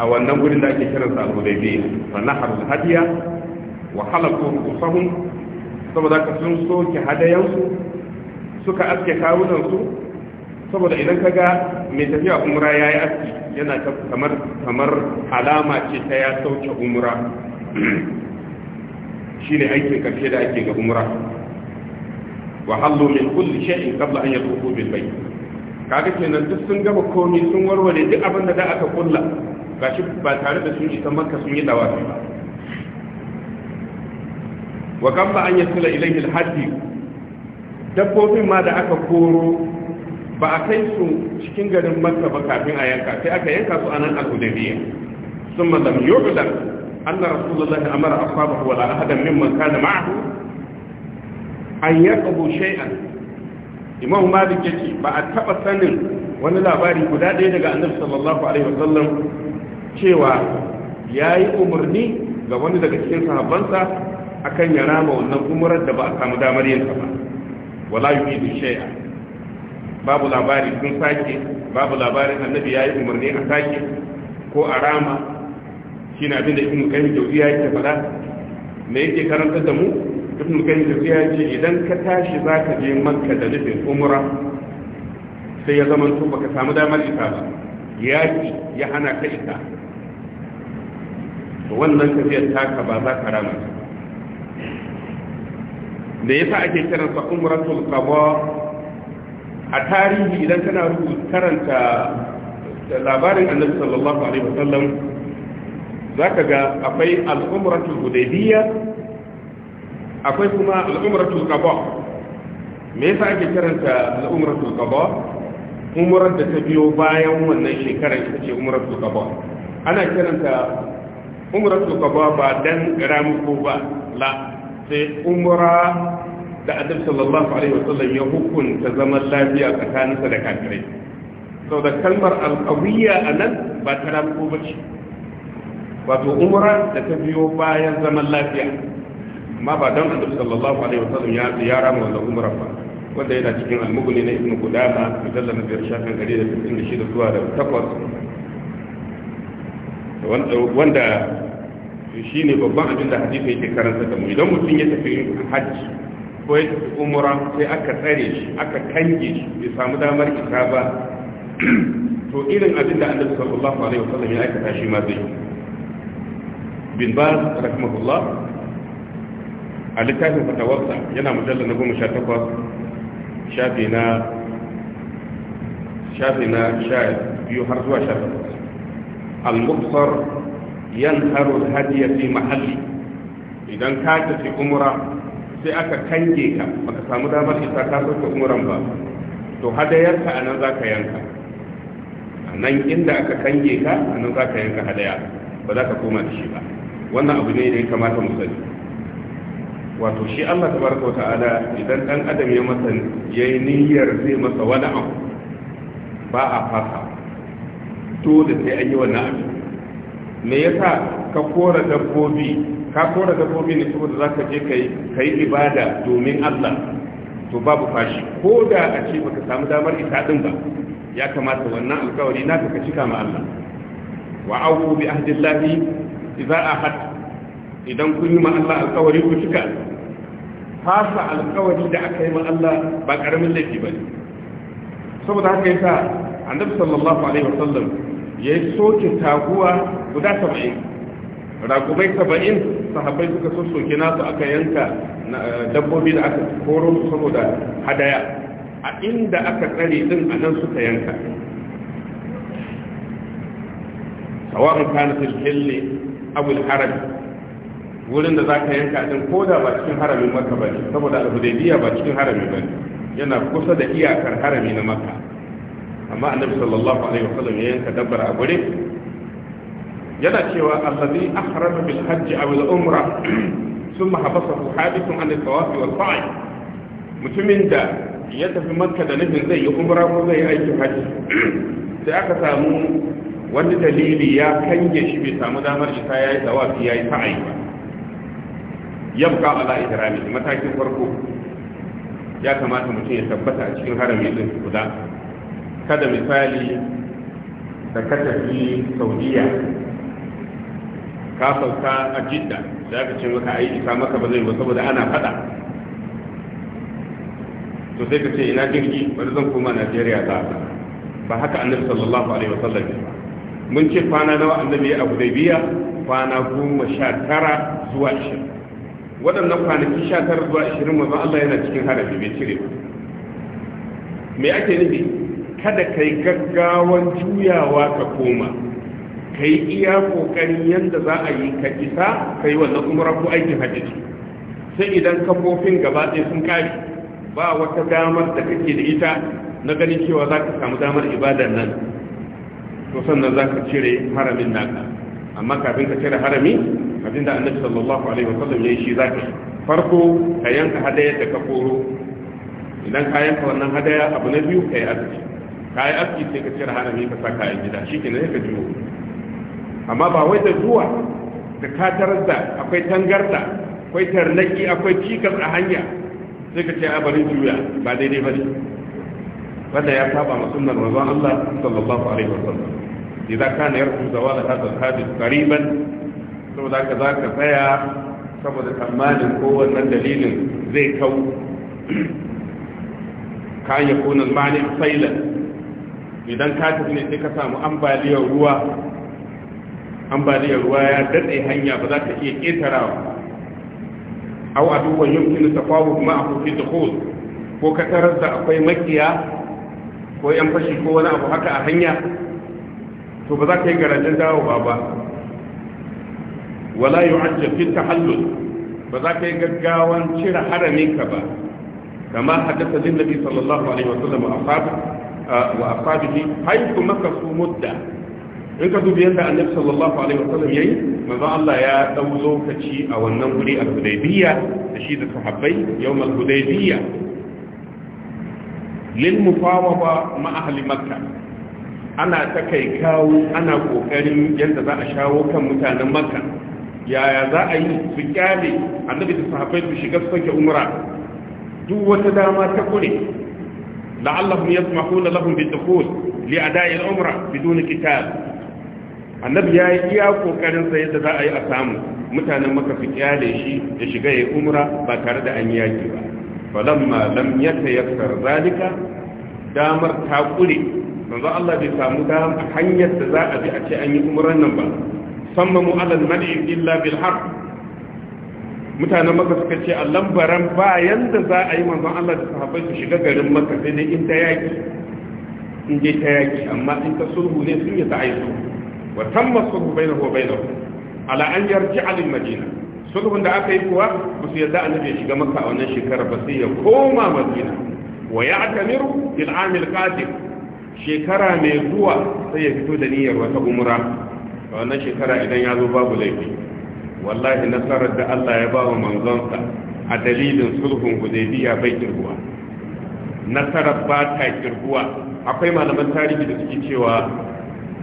a wannan gurin da ake kiransa al-hudaybiya fa naharu hadiya wa halaqu qusahum saboda ka sun soke hadayansu suka aske kawunansu saboda idan ka ga mai tafiya umra ya yi aski yana kamar kamar alama ce ta ya sauke umra [clears throat] shi ne aikin karshe da ake ga umra wa hallo min kulli shay'in qabla an yatufu bil bayt kaga kenan duk sun gaba komi sun warware duk abin da aka kulla gashi ba tare da sun isa makka sun yi dawafi ba wa gamba an yasila ilayhi alhaji dabbobin ma da aka koro ba a kai su cikin garin makka ba kafin a yanka sai aka yanka su anan al-hudaybiyya thumma lam yu'lam anna rasulullahi amara ashabahu wala ahadan mimman kana ma'ahu an yaqbu shay'an Imam malik yake ba a taba sanin wani labari guda ɗaya daga annabi sallallahu alaihi wasallam cewa yayi umarni ga wani daga cikin sahabbansa akan ya rama wannan umrar da ba a samu damar yin ba wala yu'idu shay'a babu labari sun sake babu labarin annabi yayi umarni a sake ko a rama shi na abin da kai qayyim jawziya yake faɗa me yake karanta da mu ibn qayyim ya ce idan ka tashi za ka je makka da nufin umra sai ya zama to ka samu damar ita ba Ya yaki ya hana ka isa to wannan tafiyar taka ba za ka rama da yasa ake kiransa umratul qada a tarihi idan kana rubuta karanta labarin annabi sallallahu alaihi wasallam zaka ga akwai al'umratul hudaybiyya akwai kuma al'umratul qada me yasa ake karanta al'umratul qada umrar da ta biyo bayan wannan shekarar ita ce umratul qada ana karanta umratul qada ba dan ramuko ba la sai umra da adab sallallahu alaihi wasallam ya hukunta zaman lafiya tsakaninsa da kafirai sau da kalmar alkawiyya a nan ba ta ramuko ba ce wato umra da ta biyo bayan zaman lafiya amma ba don annabi sallallahu alaihi wasallam ya ziyara mu wannan umra ba wanda yana cikin al na ibnu qudama mujallal na biyar shafin 196 zuwa da 8 wanda shi ne babban abin da hadisi yake karanta da mu idan mutum ya tafi hajji ko ya tafi umra sai aka tsare shi aka kange shi bai samu damar isa ba to irin abin da annabi sallallahu alaihi wasallam ya aikata shi ma zai bin ba rahimahullah a littafin fatawarsa yana mujallar na goma sha takwas shafi na shafi na sha biyu har zuwa sha takwas al-muqsar yanharu hadiya fi mahalli idan ka tafi umra sai aka kange ka baka samu damar isa ka sauka umran ba to hadayarka anan ka yanka nan inda aka kange ka anan ka yanka hadaya ba za ka koma da shi ba wannan abu ne da ya kamata mu sani wato shi Allah tabaraka wa ta'ala idan dan adam ya masa yayi niyyar zai masa wani abu ba a fasa da sai an yi wannan abu me yasa ka kora dabbobi ka kora dabbobi ne saboda zaka je kai kai ibada domin Allah to babu fashi ko da a ce baka samu damar ita din ba ya kamata wannan alkawari na ka cika ma Allah wa awu bi ahdillahi idza ahad idan kun yi ma Allah alkawari ku cika fasa alkawari da aka yi ma Allah ba karamin laifi ba ne saboda haka yasa annabi sallallahu alaihi wasallam ya yi soke taguwa guda saba'in rakubai saba'in sahabbai suka soke nasu aka yanka eh, dabbobi da aka koro su saboda hadaya a inda aka tsare din a nan suka yanka sawa'un kana fil hilli abul harami wurin da za ka yanka din ko da ba cikin haramin maka ba ne saboda al-hudaybiya ba cikin harami ba yana kusa da iyakar harami na maka amma annabi sallallahu alaihi wasallam ya yanka dabbar a gure yana cewa allazi ahrama bil hajj aw al umra thumma habasahu hadithun an al tawaf wal sa'i mutumin da ya tafi makka da nufin zai yi umra ko zai yi aikin hajji sai aka samu wani dalili ya kange shi bai samu damar isa ya yi tawafi yayi sa'i ba yabqa ala ihrami matakin farko ya kamata mutum ya tabbata a cikin harami din guda kada misali da ka tafi saudiya ka sauka a jidda da aka ce maka ai isa maka ba zai ba saboda ana fada to sai ka ce ina jirgi bari zan koma najeriya za a ba haka annabi sallallahu alaihi wasallam mun ce kwana nawa annabi abu da biya kwana goma sha tara zuwa ashirin waɗannan kwanaki sha tara zuwa ashirin mazan Allah yana cikin harafi bai cire ba me ake nufi kada ka yi gaggawan juyawa ka koma ka yi iya kokarin yadda za a yi ka isa yi wannan umra ko aikin hajji sai idan kafofin gaba ɗaya sun kare ba wata damar da kake da ita na ganin cewa za ka samu damar ibadan nan to sannan za ka cire haramin naka amma kafin ka cire harami abinda annabi sallallahu alaihi wasallam yayi shi zaki farko ka yanka hadaya da kaforo idan ka yanka wannan hadaya abu na biyu kai aski kai aski sai ka cire harami ka saka a gida shikenan sai ka juyo amma ba wai da zuwa da ka tarar da akwai tangarda akwai tarnaki akwai cikas a hanya sai ka ce a bari juya ba daidai ba ne wanda ya saba ma sunnar manzon Allah sallallahu alaihi wasallam idan kana yarju zawala hadha al-hadith qariban saboda ka za ka tsaya saboda tsammanin ko wannan dalilin zai kau kan ya kuna mani a idan ka tafi ne sai ka samu ambaliyar ruwa ambaliyar ruwa ya daɗe hanya ba za ka iya ƙetarawa au wani yankin da kwawo kuma a kofi da ko ka tarar da akwai makiya ko yan fashi ko wani abu haka a hanya to ba za ka yi dawo ba ba ولا يعجل في التحلل فذاك يقاوان شر حرمك با كما حدث للنبي صلى الله عليه وسلم وأصحابه آه، وأصحابه حيث مكثوا مدة إن كتب يدى النبي صلى الله عليه وسلم يين ماذا الله يا دولو كتشي أو النمري الهديبية تشيد الصحابي يوم الهديبية للمفاوضة مع أهل مكة أنا تكي كاو أنا كوكرم يندى ذا أشاو كمتان مكة, مكة. yaya za a yi su kyale annabi da sahabbai su shiga su sake umra duk wata dama ta kure la'allahum yasmahuna lahum bidukhul li ada'i al-umra bidun qital annabi yayi iya kokarin sa yadda za a yi a samu mutanen maka su kyale shi da shiga ya umra ba tare da an yaki ba falamma lam yatayassar zalika damar ta kure manzo Allah bai samu damar hanyar da za a bi a ce an yi umran nan ba sammamu alal mani illa bil haq mutanen maka suka ce a lambaran bayan da za a yi manzon Allah da sahabbai su shiga garin maka sai dai in ta yaki in je ta yaki amma in ta sulhu ne sun yi ta aiso wa tamma sulhu bainahu wa bainahu ala an yarji alil madina sulhun da aka yi kuwa ba su yarda annabi ya shiga maka a wannan shekara ba sai ya koma madina wa ya'tamiru bil amil qadim shekara mai zuwa sai ya fito da niyyar wata umra to wannan shekara idan ya zo babu laifi wallahi nasarar da Allah ya ba wa manzonsa a dalilin sulhun hudaybiya bai kirguwa nasarar ba ta kirguwa akwai malaman tarihi da suke cewa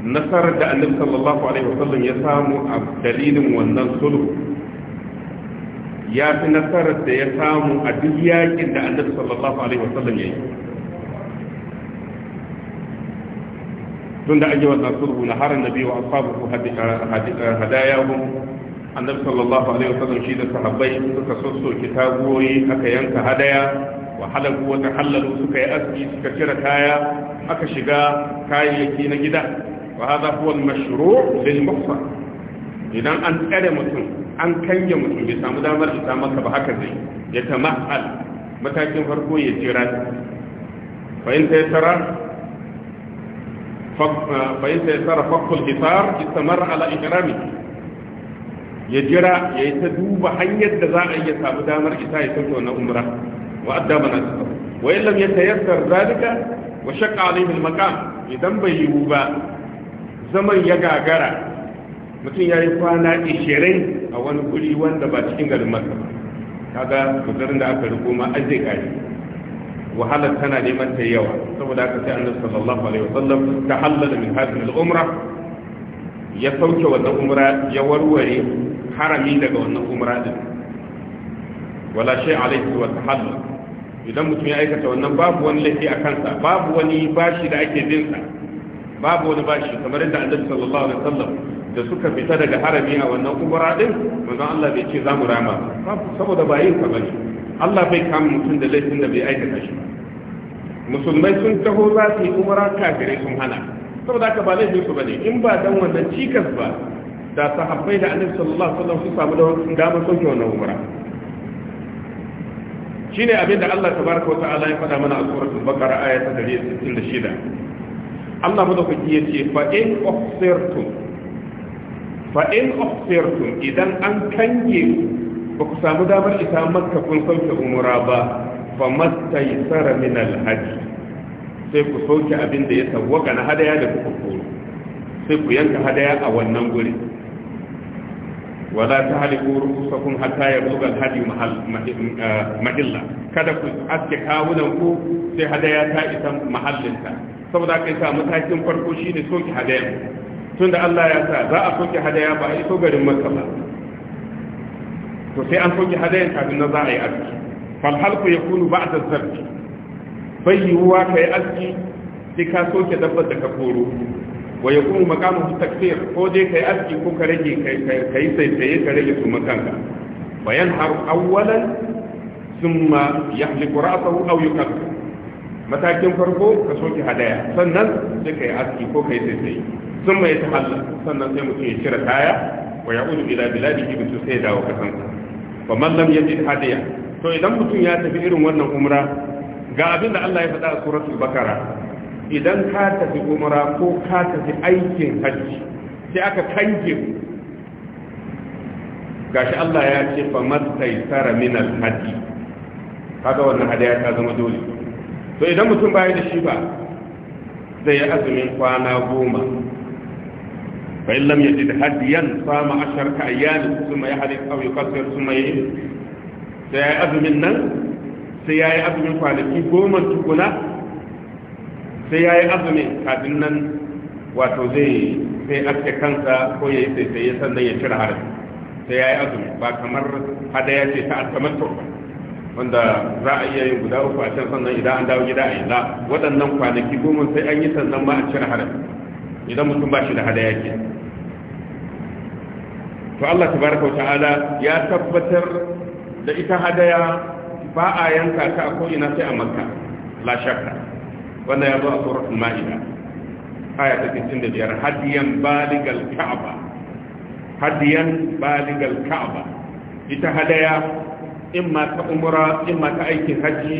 nasarar da annabi sallallahu alaihi wasallam ya samu a dalilin wannan sulhu ya fi nasarar da ya samu a duk yakin da annabi sallallahu alaihi wasallam ya yi tunda an yi wannan sulhu na haran nabi wa ashabu hadayahum annabi sallallahu alaihi wasallam shi da sahabbai suka sossoke tagoyi aka yanka hadaya wa halagu wa tahallalu suka yi aski suka cire kaya aka shiga kayayyaki na gida wa hadha huwa al-mashru' lil idan an tsare mutum an kanye mutum bai samu damar isa maka ba haka zai ya tamahal matakin farko ya jira fa in tara. bai sai tsara fakul hisar istamar ala ikrami ya jira ya yi ta duba hanyar da za a iya samu damar isa ya sauke wannan umra wa adda mana ta wa illam yatayassar zalika wa shaqqa alayhi al-maqam idan bai yiwu ba zaman ya gagara mutum ya yi kwana 20 a wani guri wanda ba cikin garin masa kaga kudurin da aka riko ma an zai wahalar tana neman ta yawa saboda haka sai annabi sallallahu alaihi wasallam ta halala min hadhihi al-umra ya sauke wannan umra ya warware harami daga wannan umra din wala shay alaihi wa tahallal idan mutum ya aikata wannan babu wani laifi a kansa babu wani bashi da ake bin sa babu wani bashi kamar yadda annabi sallallahu alaihi wasallam da suka fita daga harami a wannan umra din manzon Allah bai ce za mu rama saboda ba yin ka bane Allah bai kama mutum da laifin da bai aikata shi ba musulmai sun taho za su yi umara kafirai sun hana saboda haka ba laifin su bane in ba dan wannan cikas ba da sahabbai da annabi sallallahu alaihi wasallam su samu da damar sauke wannan umara shine abinda Allah tabaraka wataala ya faɗa mana a suratul baqara aya ta 166 Allah madaukaki yace fa in ukhsirtum fa in ukhsirtum idan an kange ba ku samu damar isa makka kun sauke umara ba famastaisara min alhaji sai ku soke abin da ya sawwaka na hadaya da kuka sai ku yanka hadaya a wannan guri wala ta haliku rukusakum hatta ya buga alhaji eh, mahilla kada ku aske kawunan ku sai hadaya ta isa mahallinta saboda kai sa matakin farko shine soke hadaya tunda Allah ya sa za a soke hadaya ba a to sai an soke hadayan kafin na za a yi aski falhalku ya kulu ba da zarfi bai yiwuwa ka yi aski sai ka soke dabbar da ka koro wa ya kuma makamu ko dai ka aski ko ka rage ka yi saisaye ka rage su bayan har awwalan summa ya haliku ra'asahu au yi matakin farko ka soke hadaya sannan sai ka aski ko ka yi sun mai ta sannan sai mutum ya cire kaya wa ya bi dawo to idan mutum ya tafi irin wannan umra ga abin da Allah ya faɗa a suratul bakara idan ka tafi umra ko ka tafi aikin hajji sai aka kange gashi Allah ya ce fa mastaisara min al-hadi kaga wannan hadaya ta zama dole to idan mutum baya da shi ba zai yi azumin kwana goma fa in lam yajid hadiyan sama ashar ka ayyam thumma yahdi aw yuqassir thumma yajid sai ya yi azumin nan sai ya yi azumin kwanaki goma tukuna sai ya yi azumin kafin nan wato zai sai aske kansa ko ya yi saisaye sannan ya cire harin sai ya yi azumin ba kamar hadaya ce ta alkamantar wanda za a iya yin guda uku a can sannan idan an dawo gida a yi la waɗannan kwanaki goma sai an yi sannan ma a cire harin idan mutum ba shi da hadaya ke to Allah tabaraka wa ta'ala ya tabbatar da ita hadaya ba a yanka ta a ko'ina sai a makka la shakka wanda ya zo a suratul ma'ida aya ta da 65 hadiyan baligal ka'aba hadiyan baligal ka'aba ita hadaya imma ta umra imma ta aikin hajji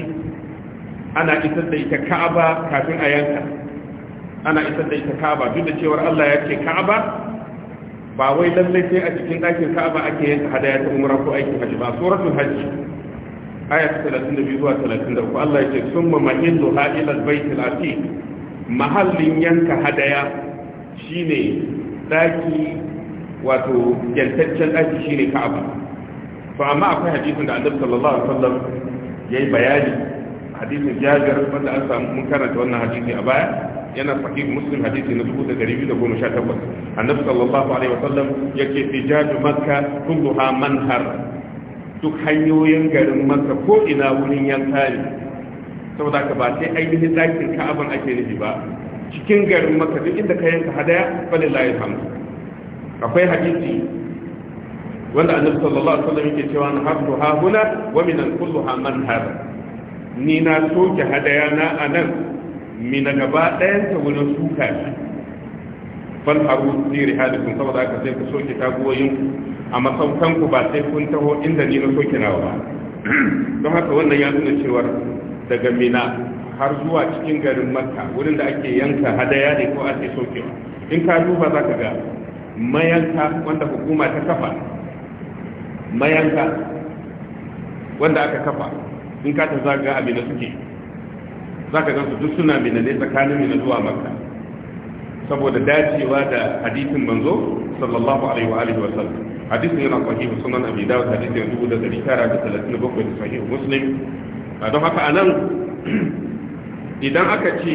ana isar da ita ka'aba kafin a yanka ana isar da ita ka'aba duk da cewar Allah ya ce ka'aba ba wai lallai sai a cikin ɗakin ka'aba ake yanka hadaya ta umra ko aikin hajji ba suratul hajji aya 32 zuwa 33 Allah ya ce summa mahillu ila al-bayt al-atiq mahallin yanka hadaya shine daki wato yantaccen daki shine Ka'aba to amma akwai hadisin da Annabi sallallahu alaihi wasallam yayi bayani hadisin jabir wanda an samu mun karanta wannan hadisi a baya yana sahih muslim hadisi na 2218 annabi sallallahu alaihi wasallam yake fi jadu makka kulluha manhar duk hanyoyin garin makka ko ina wurin yanka ne saboda ka ba sai ainihin dakin ka'aban ake nufi ba cikin garin makka duk inda ka yanka hadaya falillahi alhamdu akwai hadisi wanda annabi sallallahu alaihi wasallam yake cewa na habdu ha huna wa min kulluha manhar ni na soke hadaya na a nan mina gaba ɗayan ta wurin suka ne fal haru ni rihalikum saboda aka sai ku soke taguwoyin a masaukan ku ba sai kun taho inda ni na soke nawa ba [clears throat] don haka wannan ya nuna cewa daga mina har zuwa cikin garin makka wurin da ake yanka hadaya ne ko ake sokewa in ka duba za ka ga mayanka wanda hukuma ta kafa mayanka wanda aka kafa in ka ta zaga a da suke za ka gansu duk suna bin ne tsakanin mina zuwa makka saboda dacewa da hadisin manzo sallallahu alaihi wa alihi wa sallam hadisin yana sahihu sunan abi dawud hadisin 1937 da sahihu muslim don haka anan [clears throat] idan aka ce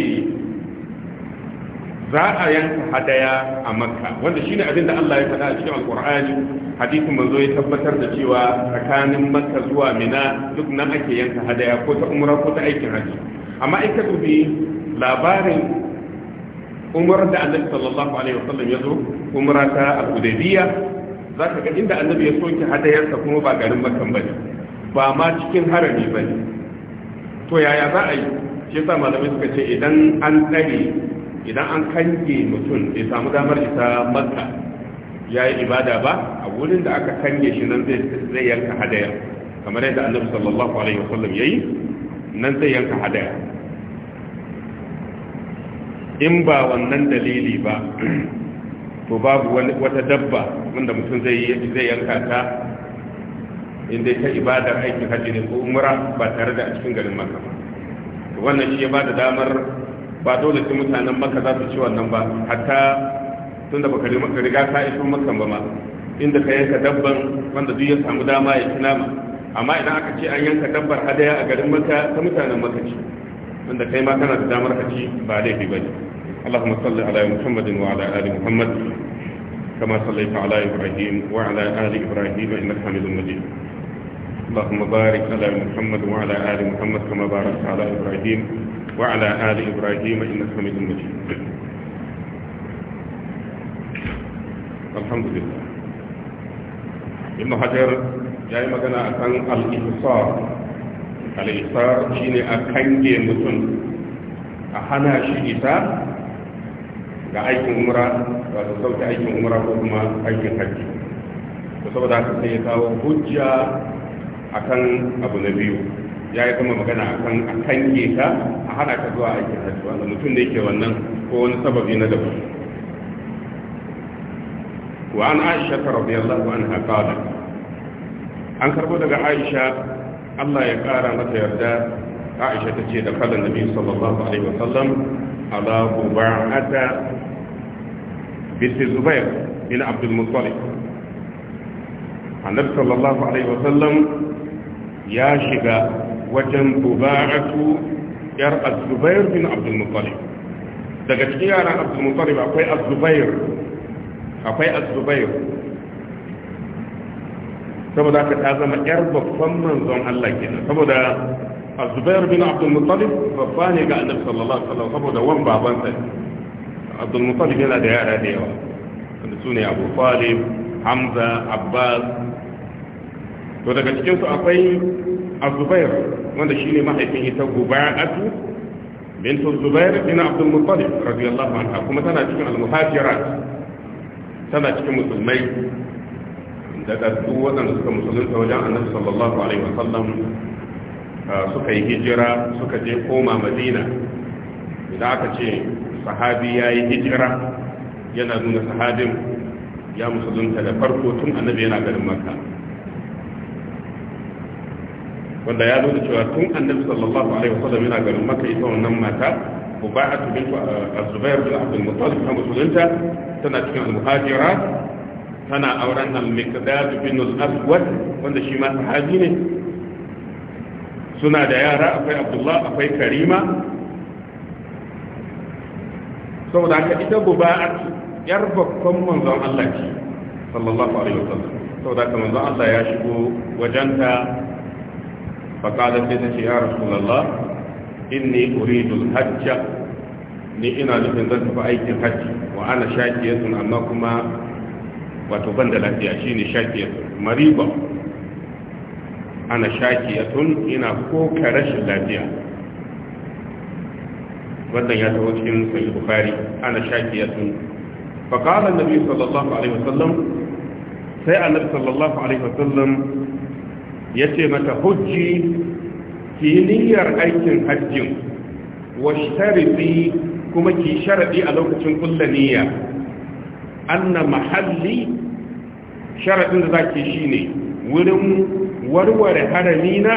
za a yanka hadaya a makka wanda shine abin da Allah ya faɗa a cikin alƙur'ani hadisin manzo ya tabbatar da cewa tsakanin makka zuwa mina duk nan ake yanka hadaya ko ta umra ko ta aikin haji amma in ka dubi labarin umar da annabi sallallahu alaihi wasallam ya zo umra ta al za ka ga inda annabi ya soke hadayarsa kuma ba garin makkan bane ba ma cikin harami ne to yaya za a yi shi yasa malamai suka ce idan an tsare idan an kange mutum bai samu damar isa makka ya yi ibada ba a wurin da aka kange shi nan zai yanka hadaya kamar yadda annabi sallallahu alaihi wasallam ya yi nan zai yanka hadaya in ba wannan dalili ba to babu wata dabba wanda mutum zai yanka ta inda ta ibadar aikin hajji ne ko umra ba tare da a cikin garin makka wannan shi ya ba da damar ba dole sai mutanen maka za su ci wannan ba hatta tun da baka riga ka iso maka ba ma inda ka yanka dabban wanda duk ya samu dama ya ci nama amma idan aka ce an yanka dabbar hadaya a garin maka ta mutanen maka ci wanda kai ma kana da damar ka ci ba laifi ba ne salli ala Muhammadin wa ala ali Muhammad كما صليت على إبراهيم وعلى آل إبراهيم إنك حميد مجيد اللهم بارك على محمد وعلى آل محمد كما باركت على إبراهيم وعلى آل إبراهيم إنك حميد مجيد الحمد لله ابن حجر جاي مغنى أكان الإحصار الإحصار شيني أكنجي متن أحنا شي إسا ga aikin umra wato sauke aikin umra ko kuma aikin hajji to saboda haka sai ya kawo hujja akan abu na biyu ya yi kuma magana a kan a ta a hana ka zuwa aikin hajji wanda mutum da yake wannan ko wani sababi na daban wa an aisha ta rabu yalla qala an An karbo daga aisha Allah ya kara mata yarda aisha ta ce da kalan nabi sallallahu alaihi wasallam ala qubaata bint zubair bin abdul muttalib annabi sallallahu alaihi wasallam ya shiga wajen dubaratu yar azubair bin abdulmuttalib daga cikin yaran abdulmuttalib akwai azubair akwai azubair saboda ka ta zama yar babban manzon Allah kenan saboda azubair bin abdulmuttalib babba ne ga annabi sallallahu alaihi wasallam saboda wan Abdul abdulmuttalib yana da yara da yawa wanda su abu talib hamza abbas to daga cikin su akwai azubair wanda shine mahaifin ita guba'atu bint zubair bin abdul muttalib radiyallahu anha kuma tana cikin al-muhajirat tana cikin musulmai da daddu wadanda suka musulunta wajen annabi sallallahu alaihi wa sallam ah, suka yi hijira suka je koma madina idan aka ce sahabi ya yi hijira yana nuna sahabin ya musulunta da farko tun annabi yana garin makka wanda ya nuna cewa tun annabi sallallahu alaihi wasallam yana garin maka ita wannan mata ubahatu bintu az-zubair bin abdul muttalib ta musulunta tana cikin al-muhajira tana auren al-miqdad bin al-aswad wanda shi ma sahabi ne suna da yara akwai abdullah akwai karima saboda haka ita buba'atu yar babban manzon Allah ce sallallahu alaihi wasallam saboda haka manzon Allah ya shigo wajenta faƙada sai ta ce ya rasulallah inni uridul hajja ni ina nufin zan tafi aikin hajji wa ana shakiyatun amma kuma wato ban da lafiya shi ne shakiyatun mariba ana shakiyatun ina ko ka lafiya wannan ya taho cikin sahih bukhari ana shakiyatun fa qala an-nabi sallallahu alaihi wasallam sai annabi sallallahu alaihi wasallam ya ce mata hujji ki niyyar aikin hajjin wa sharidi kuma ki sharaɗi a lokacin kulla niyya anna mahalli sharadin da zaki shine wurin warware harami na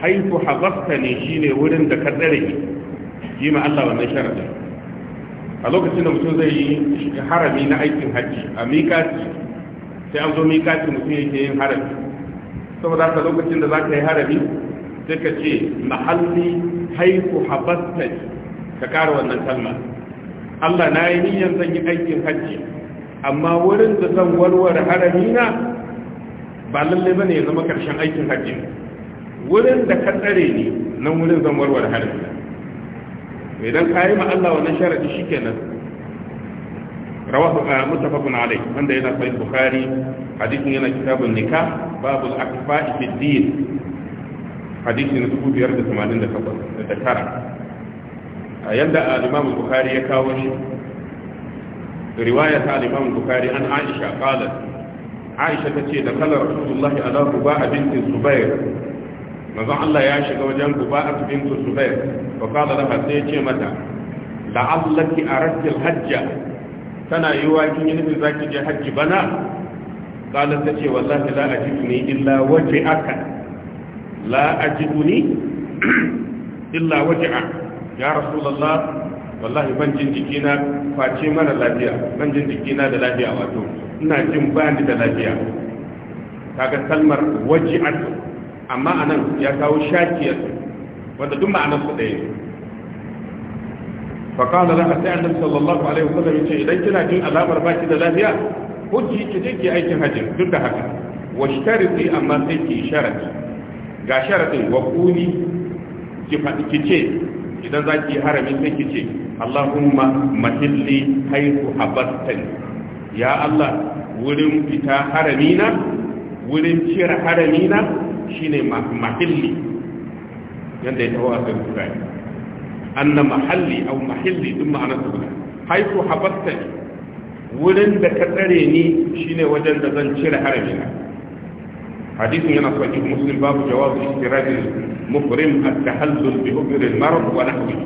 haifu hazafta ne shi ne wurin da ka tsare yi ma Allah wannan sharadin a lokacin da mutum zai yi harami na aikin hajji a mikati sai an zo mikati mutum yake yin harami saboda haka lokacin da za ka yi harami sai ka ce mahalli haiku habastai ka kara wannan kalma Allah na yi niyyar zan yi aikin hajji amma wurin da zan warware harami na ba lalle bane ya zama karshen aikin hajji wurin da ka tsare ne nan wurin zan warware harami na idan ka yi ma Allah wannan sharadi shikenan rawahu ah, muttafaqun alayh wanda yana sahih bukhari hadisin yana kitabun nikah babul akfa fi din hadisi na 5,589 yadda al'imamun bukari ya kawo shi riwaya ta al'imamun bukari an aisha kalar aisha ta ce da kalar rasulullahi ala guba a bintin zubair allah ya shiga wajen guba a bintin zubair ba kala da hasa ya mata la'allaki a rajin hajja tana yiwuwa kin yi nufin zaki je hajji bana qalat ta ce wallahi la ajiduni illa waje waj'aka la ni? illa waje waj'a ya rasulullah wallahi ban jin jikina face mara lafiya ban jin jikina da lafiya wato ina jin bani da lafiya kaga kalmar waj'at amma anan ya kawo shakiyar wanda duk ma'anar su ɗaya fa qala la ta'lam sallallahu alaihi wasallam yace idan kina jin alamar baki da lafiya hujji ki je ki aikin hajji duk da haka wa shtariti amma sai ki sharadi ga sharadin wa kuni ki ce idan zaki yi harami sai ki ce Allahumma mahilli haythu habattani ya Allah wurin fita haramina wurin ciyar haramina shine mahilli yadda ya tawo anna mahalli aw mahalli duk ma'anar ta guda haifu habatta wurin da ka tsare ni shine wajen da zan cire haramina hadisin yana sahih muslim babu jawaz istiraj mukrim at-tahallul bi hukm al-marad wa nahwihi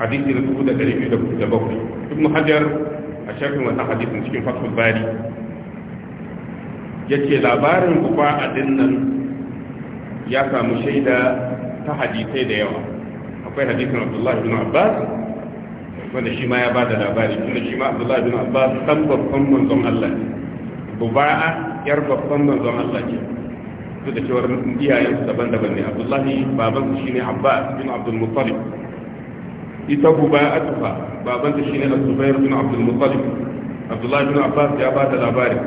hadisi na dubu da ɗari biyu da kudu da bakwai ibn hajar a shafin wannan hadisin cikin fatul bari ya ce labarin guba a dinnan ya samu shaida ta hadisai da yawa akwai hadisin abdullahi bin abbas wanda shi ma ya ba da labari tunda shi ma abdullahi bin abbas san babban manzon allah ne buba'a yar babban manzon allah ce duk da cewar iyayen daban-daban ne abdullahi baban su shine abbas bin abdul muttalib ita buba'atuha baban su shine az-zubair bin abdul muttalib abdullahi bin abbas ya ba da labari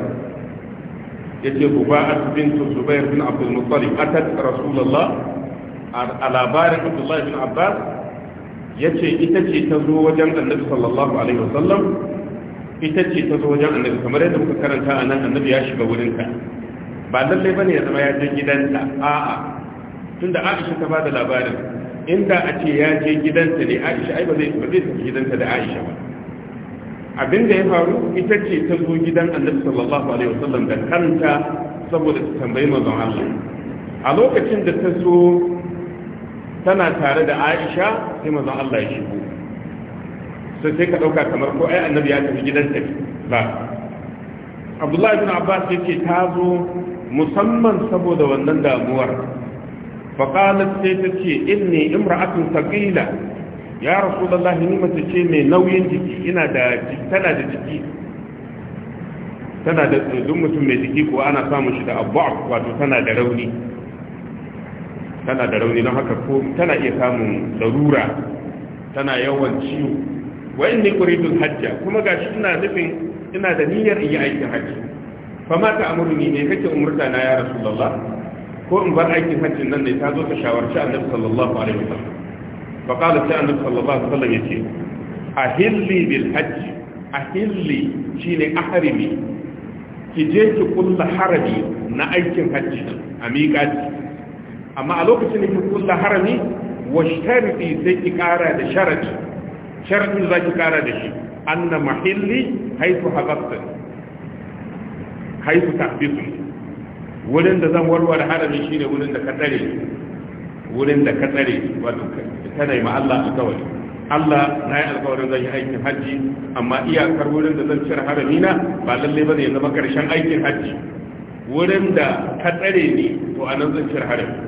yace buba'at bint zubair bin abdul muttalib atat rasulullah a labarin abdullahi bin abbas ya ce ita ce ta zo wajen annabi sallallahu alaihi wasallam ita ce ta zo wajen annabi kamar yadda muka karanta a nan annabi ya shiga wurin ka ba lallai bane ya zama ya je gidanta a'a tunda aisha ta ba da labarin inda a ce ya je gidanta ne aisha ai ba zai ba zai tafi gidanta da aisha ba abin da ya faru ita ce ta zo gidan annabi sallallahu alaihi wasallam da kanta saboda ta tambayi manzon Allah a lokacin da ta zo tana tare da aisha sai mazan Allah ya shigo sai sai ka ɗauka kamar ko ai annabi ya tafi gidan tafi ba abdullahi ibn abbas yake ta zo musamman saboda wannan damuwar faqalat sai ta ce inni imra'atun thaqila ya rasulullahi ni mace ce mai nauyin jiki ina da tana da jiki tana da duk mutum mai jiki ko ana samun shi da abu wato tana da rauni tana da rauni na haka ko tana iya samun larura tana yawan ciwo wa inni quridul hajja kuma gashi ina nufin ina da niyyar yi aikin hajji fa ma ta amuruni ne kake umurta na ya rasulullah ko in bar aikin hajji nan ne ta zo ta shawarci annabi sallallahu alaihi wasallam fa qala ta annabi sallallahu alaihi wasallam yace ahilli bil hajji ahilli shine ahrimi ki je ki kulla harabi na aikin hajji a miƙati amma a lokacin da ki kulla harami wa sharti sai ki kara da sharadi sharadin za ki kara da shi anna mahalli haifu habasta haifu tahbitu wurin da zan warware harami shine wurin da ka tsare wurin da ka tsare wato kana yi ma Allah alƙawari Allah na yi alƙawarin zan yi aikin hajji amma iyakar wurin da zan cire haramina ba lalle bane ya zama karshen aikin hajji wurin da ka tsare ni to anan zan cire harami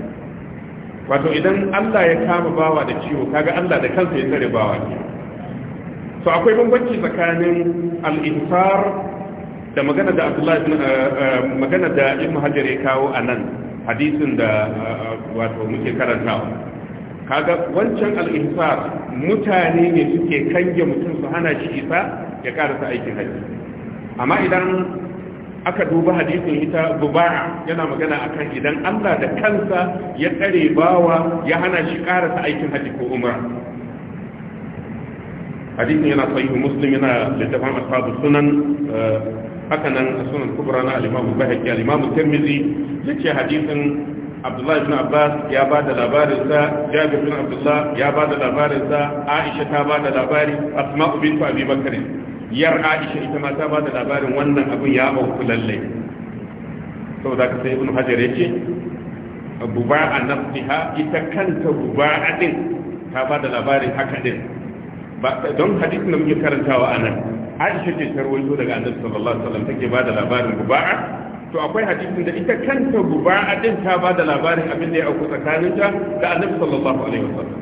wato idan Allah ya kama bawa da ciwo kaga Allah da kansa ya tare bawa ne. To akwai bambanci tsakanin al da magana da Abdullahi eh, eh, magana da Ibn Hajar ya kawo anan hadisin da eh, wato muke karantawa kaga wancan al mutane ne suke kange mutum su hana shi isa ya karasa aikin haji amma idan aka duba hadisin ita gubara yana magana akan idan Allah da kansa ya tsare bawa ya hana shi karasa aikin hajji ko umra hadisin yana sahihu muslim yana littafin ashabu sunan eh, haka nan sunan kubra na al-imam al-bahaqi al-imam tirmidhi yace hadisin Abdullah ibn Abbas ya ba da labarin sa Jabir ibn Abdullah ya ba da labarin sa Aisha ta ba da labari Asma bint Abi Bakr yar aisha ita ma ta ba da labarin wannan abin ya auku lalle. sau da ka sai ibn hajar ya ce buba a nafsiha ita kanta buba a ɗin ta ba da labarin haka ɗin don hadisin da muke karantawa a nan aisha ce ta rawaito daga annabi sallallahu alaihi wasallam take ba da labarin buba a? to akwai hadisin da ita kanta buba a ɗin ta ba da labarin abin da ya auku tsakaninta da annabi sallallahu alaihi wasallam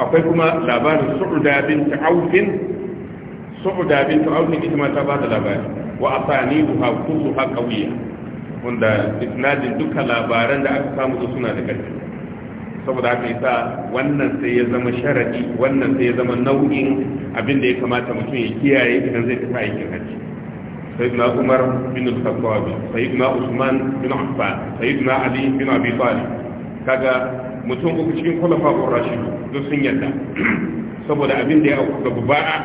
akwai kuma labarin su'uda bin ta'awfin su'uda bintu auni ita ma ta ba da labari wa asaniduha kulluha qawiyya wanda isnadin duka labaran da aka samu su suna da ƙarfi saboda haka yasa wannan sai ya zama sharadi wannan sai ya zama nau'in abin da ya kamata mutum ya kiyaye idan zai tafi aikin hajji سيدنا عمر بن الخطاب سيدنا عثمان بن عفان سيدنا علي بن ابي طالب kaga mutum uku cikin khulafa ar-rashidun duk sun yadda. saboda abin da ya auku ga ba'a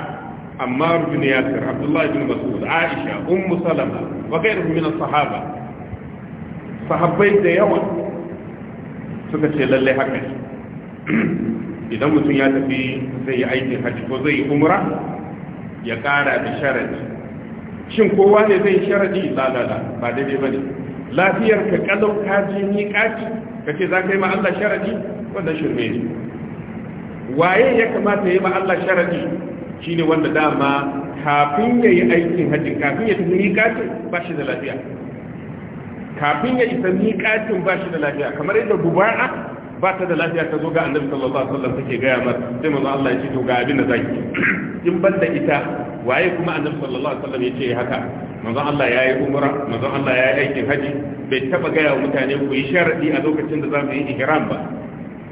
عمار بن ياسر عبد الله بن مسعود عائشة أم سلمة وغيرهم من الصحابة صحابين da yawa suka ce lalle haka [clears throat] idan mutum ya tafi zai yi aikin zai yi umra ya kara da sharadi shin kowa ne zai sharadi lalala ba daidai ba ne lafiyar ka kalau ka ni kaki ka ce za ka yi ma Allah sharadi shirme waye ya kamata ya yi ma Allah sharadi shine wanda dama kafin ya yi aikin hajji kafin ya tafi miƙatin ba shi da lafiya kafin ya isa miƙatin ba shi da lafiya kamar yadda guba'a ba ta da lafiya ta zo ga annabi sallallahu alaihi wasallam take gaya mar sai manzo Allah ya ce to ga abin da zaki [clears throat] in banda ita waye kuma annabi sallallahu alaihi wasallam ya ce haka manzo Allah ya yi umra manzo Allah ya yi aikin haji bai taba gaya wa mutane ku yi sharadi a lokacin da za mu yi ihram ba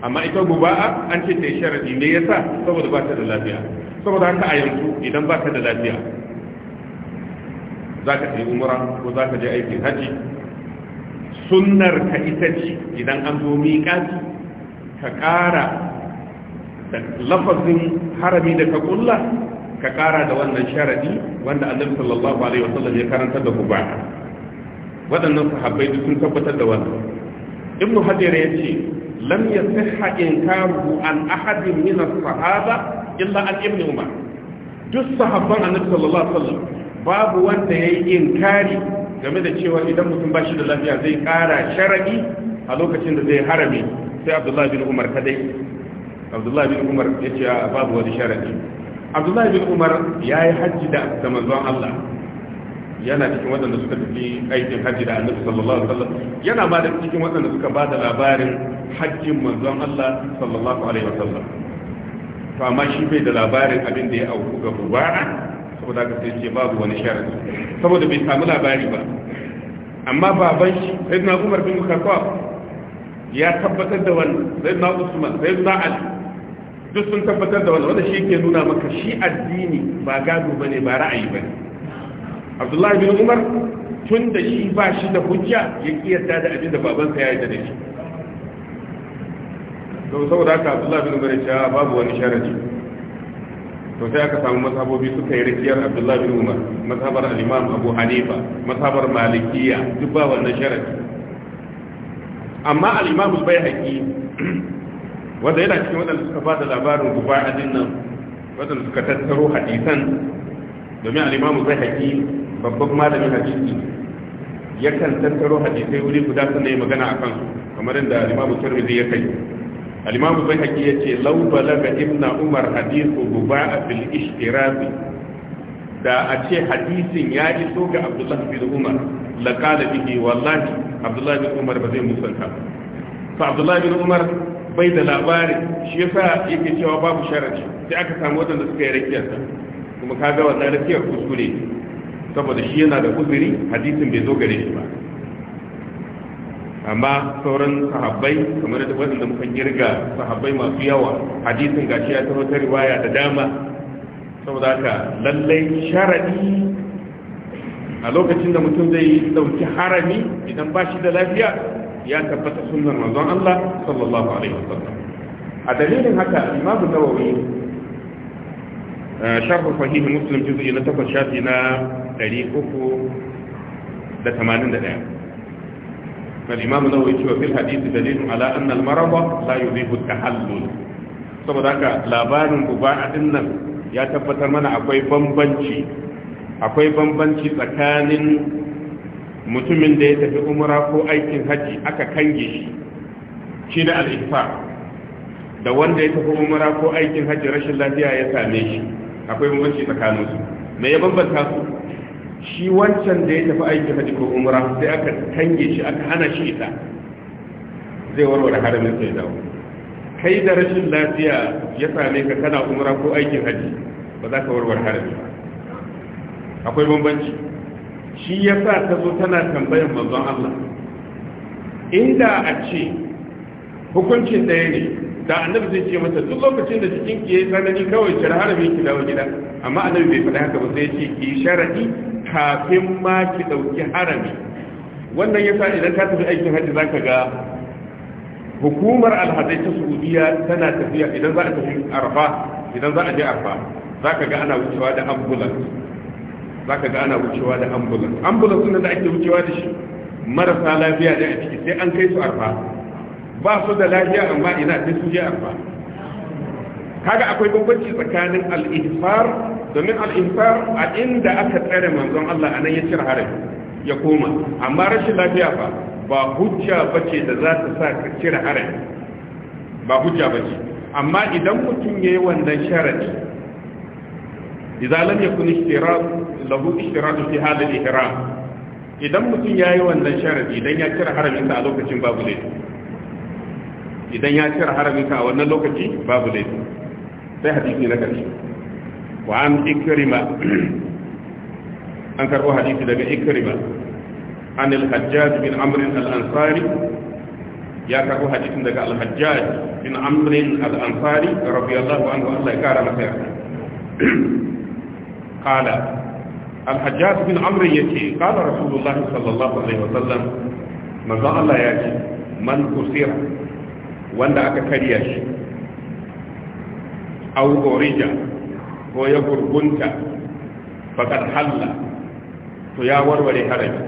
amma ita guba'a an ce ta yi sharadi me yasa saboda ba ta da lafiya saboda haka a yanzu idan baka da lafiya za ka yi umura ko za ka je aikin haji sunar ka ita ce idan an zo miƙaci ka ƙara da lafazin harami da ka ƙulla ka ƙara da wannan sharaɗi wanda annabi sallallahu alaihi wasallam ya karanta da ku ba waɗannan sahabbai sun tabbatar da wannan ibn hajar ya ce lam yasihha inkaruhu an ahadin min as-sahaba illa an duk sahabban annabi sallallahu alaihi babu wanda yayi inkari game da cewa idan mutum bashi da lafiya zai ƙara sharabi a lokacin da zai harame sai abdullahi bin umar kadai abdullahi bin umar ya ce babu wani sharadi abdullahi bin umar ya yi hajji da manzon Allah yana cikin waɗanda suka tafi aikin hajji da annabi sallallahu alaihi wasallam yana ma da cikin waɗanda suka ba da labarin hajjin manzon Allah sallallahu alaihi wasallam to amma shi bai da labarin abin da ya auku ga buba'a saboda haka sai ce babu wani sharadi saboda bai samu labari ba amma baban shi sayyidina Umar bin Khattab ya tabbatar da wannan sayyidina Usman sayyidina Ali duk sun tabbatar da wannan wanda shi ke nuna maka shi addini ba gado bane ba ra'ayi bane abdullahi bin umar tun da shi ba shi da hujja ya kiyasta da abin da babansa ya yi da shi to saboda haka abdullahi bin umar ya ah, babu wani sharadi to sai aka samu mazhabobi suka yi rikiyar abdullahi bin umar mazhabar Alimam abu hanifa mazhabar malikiya duk ba wannan sharadi amma al bai al-baihaqi [clears throat] wanda yana cikin waɗanda suka ba da labarin guba'adin nan waɗanda suka tattaro hadisan domin al-imam al babban malamin hadisi yakan tattaro hadisai wuri guda sannan ya magana a kansu kamar yadda alimamu tirmidhi ya kai alimamu bai haƙi ya ce lau balaga ibn umar hadisu guba a fil ishtirabi da a ce hadisin ya yi so ga abdullahi bin umar laƙala bihi wallahi abdullahi bin umar ba zai musanta fa abdullahi bin umar bai da labari shi yasa yake cewa babu sharaci sai aka samu wadanda suka yi rakiyarsa kuma ka ga wannan rakiyar kuskure saboda shi yana da uzuri hadisin bai zo gare shi ba amma sauran sahabbai kamar da wadanda muka girga sahabbai masu yawa hadisin shi ya taho ta riwaya da dama saboda haka lallai sharadi a lokacin da mutum zai dauki harami idan ba shi da lafiya ya tabbata sunan manzon Allah sallallahu alaihi wasallam a dalilin haka imamu nawawi eh, sharhu fahimi muslim juz'i na takwas shafi na 381 فالإمام النووي يشوف في الحديث دليل على أن المرض لا يذيب التحلل saboda haka labarin guba din nan ya tabbatar mana akwai bambanci akwai bambanci tsakanin mutumin da ya tafi umara ko aikin haji aka kange shi shi da al'ifa da wanda ya tafi umara ko aikin haji rashin lafiya ya same shi akwai bambanci tsakaninsu me ya bambanta su shi wancan da ya tafi aiki hajji ko umra sai aka tange shi aka hana shi ita zai warware haramin sai dawo kai da rashin lafiya ya same ka kana umra ko aikin hajji ba za ka warware harami ba akwai bambanci shi ya sa ta zo tana tambayan manzon Allah inda a ce hukuncin ɗaya ne da annabi zai ce mata duk lokacin da cikin ki yi tsanani kawai cire harami ki dawo gida amma annabi bai faɗa haka ba sai ya ce ki sharadi kafin ma ki dauki harami wannan yasa idan ka tafi aikin hajji zaka ga hukumar alhazai ta saudiya tana tafiya idan za a tafi arfa idan za a je arfa zaka ga ana wucewa da ambulance zaka ga ana wucewa da ambulance ambulance da ake wucewa da shi marasa lafiya ne a ciki sai an kai su arfa ba su da lafiya amma ina sai su je arfa kaga akwai bambanci tsakanin al-ihfar domin al-ihfar a inda aka tsare manzon Allah anan ya cire harafi ya koma amma rashin lafiya fa ba hujja bace da za ta sa ka cire harafi ba hujja bace amma idan mutum yayi wannan sharadi idza lam yakun ishtirak lahu ishtirak fi hada al-ihram idan mutum yayi wannan sharadi idan ya cire harafin sa a lokacin babu laifi idan ya cire harafin sa a wannan lokaci babu laifi sai hadisi na karshe wa an ikrima an karbo hadisi daga ikrima an al-hajjaj bin amr al-ansari ya karbo hadisin daga al-hajjaj bin amr al-ansari radiyallahu anhu Allah ya kara masa yarda qala al-hajjaj bin amr yace qala rasulullah sallallahu alaihi wasallam maza Allah ya ce man kusira wanda aka kariya shi aw gorija ko ya gurgunta faqad halla to ya warware haraji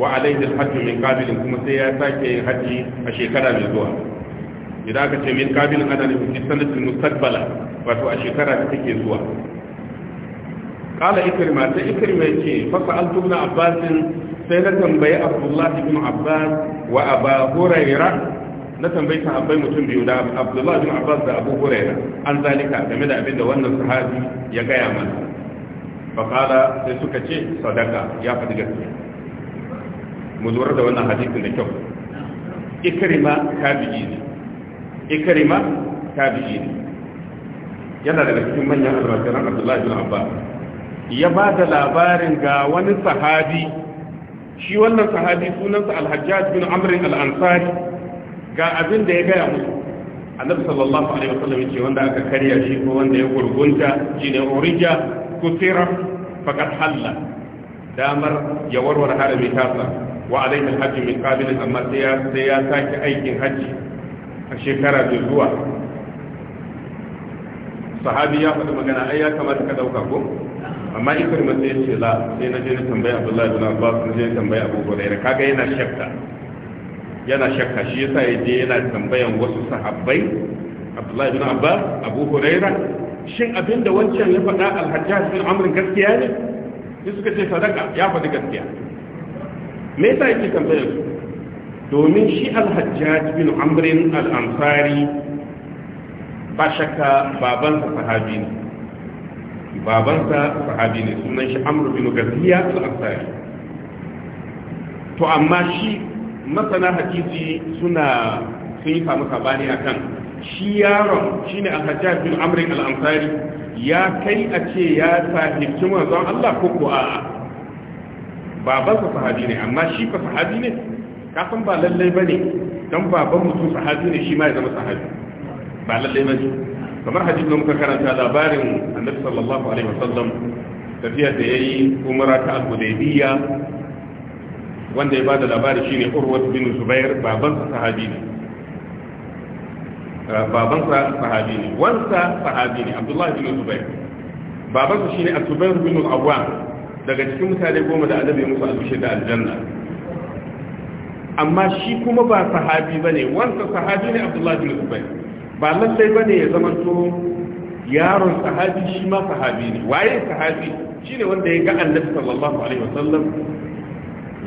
wa alayhi al-hajj min qabilin kuma sai ya sake yin haji a shekara mai zuwa idan aka ce min qabilin ana nufin fi sanatin mustaqbala wato a shekara da take zuwa qala ikrima sai ikrima yace fa sa'altu ibn abbas sai na tambayi abdullah ibn abbas wa aba hurairah na tambayi sahabbai mutum biyu da Abdullahi bin Abbas da Abu Hurairah an zalika game da abin da wannan sahabi ya gaya mana fa sai suka ce sadaka ya faɗi gaskiya mu lura da wannan hadisin da kyau ikrima tabi'i ne ikrima tabi'i ne yana daga cikin manyan almajiran Abdullahi bin Abbas ya ba da labarin ga wani sahabi shi wannan sahabi sunansa Al-Hajjaj bin Amr al'ansari. ga abin da ya gaya musu annabi sallallahu alaihi wasallam yace wanda aka karya shi ko wanda ya gurgunta shine urija kusira faqad halla damar ya warware harami tasa wa alaihi alhajj min qabil amma sai ya sai ya saki aikin haji a shekara da zuwa sahabi ya faɗi magana ai ya kamata ka dauka ko amma ikar mace ya ce la sai na je na tambaya abdullahi ibn abbas na je na tambaya abu hurairah kaga yana shakka yana shakka shi yasa ya je yana tambayan wasu sahabbai abdullahi bin Abba, abu huraira shin abinda wancan ya faɗa alhajjaj bin amr gaskiya ne sai suka ce sadaka ya faɗi gaskiya me yasa yake tambayar su domin shi alhajjaj bin amr al-ansari ba shakka babansa sahabi ne babansa sahabi ne sunan shi amr bin Gaziya al-ansari to amma shi masana hadisi suna sun yi samu sabani akan shi yaron shi ne hajjaj bin amr al ya kai a ce ya sahibci manzon Allah ko ko a'a baban babansa sahabi ne amma shi fa sahabi ne kafin ba lallai ne don baban mutum sahabi ne shi ma ya zama sahabi ba lallai ne kamar hadisin da muka karanta labarin annabi sallallahu alaihi wasallam tafiya da yayi umara ta al-hudaybiyya wanda ya ba da labari shine urwat bin zubair babansa sahabi ne uh, babansa sahabi ne wansa sahabi ne abdullahi bin zubair babansa shine az-zubair bin al-awwam daga cikin mutane goma da annabi musu albishir da aljanna amma shi kuma ba sahabi bane wansa sahabi ne abdullahi bin zubair ba lallai bane ya zamanto yaron sahabi shi ma sahabi ne waye sahabi shine wanda ya ga annabi sallallahu alaihi wasallam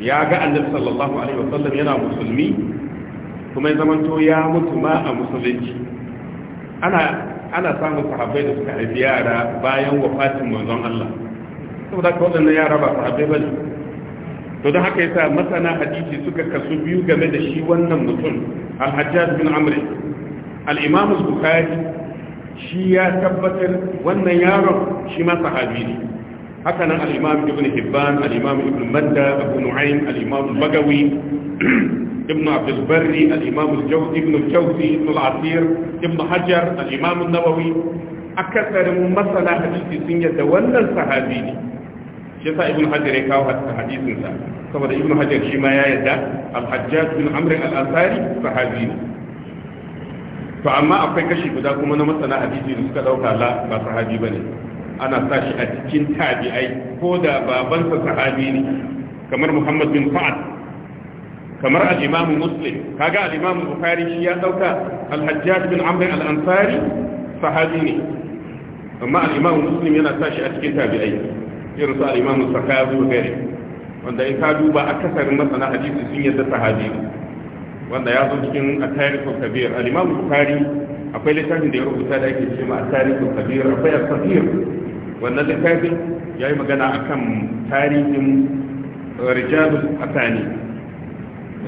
ya ga annabi sallallahu alaihi wasallam yana musulmi kuma ya zamanto ya mutu ma a musulunci ana ana samun sahabbai da suka haifi yara bayan wafatin manzon Allah saboda ka waɗannan yara ba sahabbai bane to don haka yasa masana hadisi suka kasu biyu game da shi wannan mutum al-Hajjaj bin Amri al-Imam al-Bukhari shi ya tabbatar wannan yaron shi ma sahabi ne haka nan al-imam ibn hibban al-imam ibn madda abu nu'aym al bagawi [clears throat] ibn Abdulbari, al-barri al-imam al-jawzi ibn al-jawzi ibn al-asir ibn hajar al-imam an-nawawi akasarin masala hadisi sun yadda wannan sahabi ne shi yasa ibn hajar ya kawo hadisin sa saboda ibn hajar shi ma ya yadda al-hajjaj bin amr al-asari sahabi ne to amma akwai kashi guda kuma na masana hadisi da suka dauka la ba sahabi ba ne. ana sa shi a cikin tabi'ai ko da babansa sahabi ne kamar muhammad bin fa'ad kamar al muslim kaga al-imam bukhari shi ya dauka al bin amr al sahabi ne amma al muslim yana sa shi a cikin tabi'ai irin su al-imam sakawi gari wanda in ka duba akasarin masana hadisi sun yadda sahabi ne wanda ya zo cikin at-tarikh kabir al-imam bukhari akwai littafin da ya rubuta da ake cewa tarihin kabir akwai al-kabir wannan littafin ya yi magana a kan tarihin rijalul asani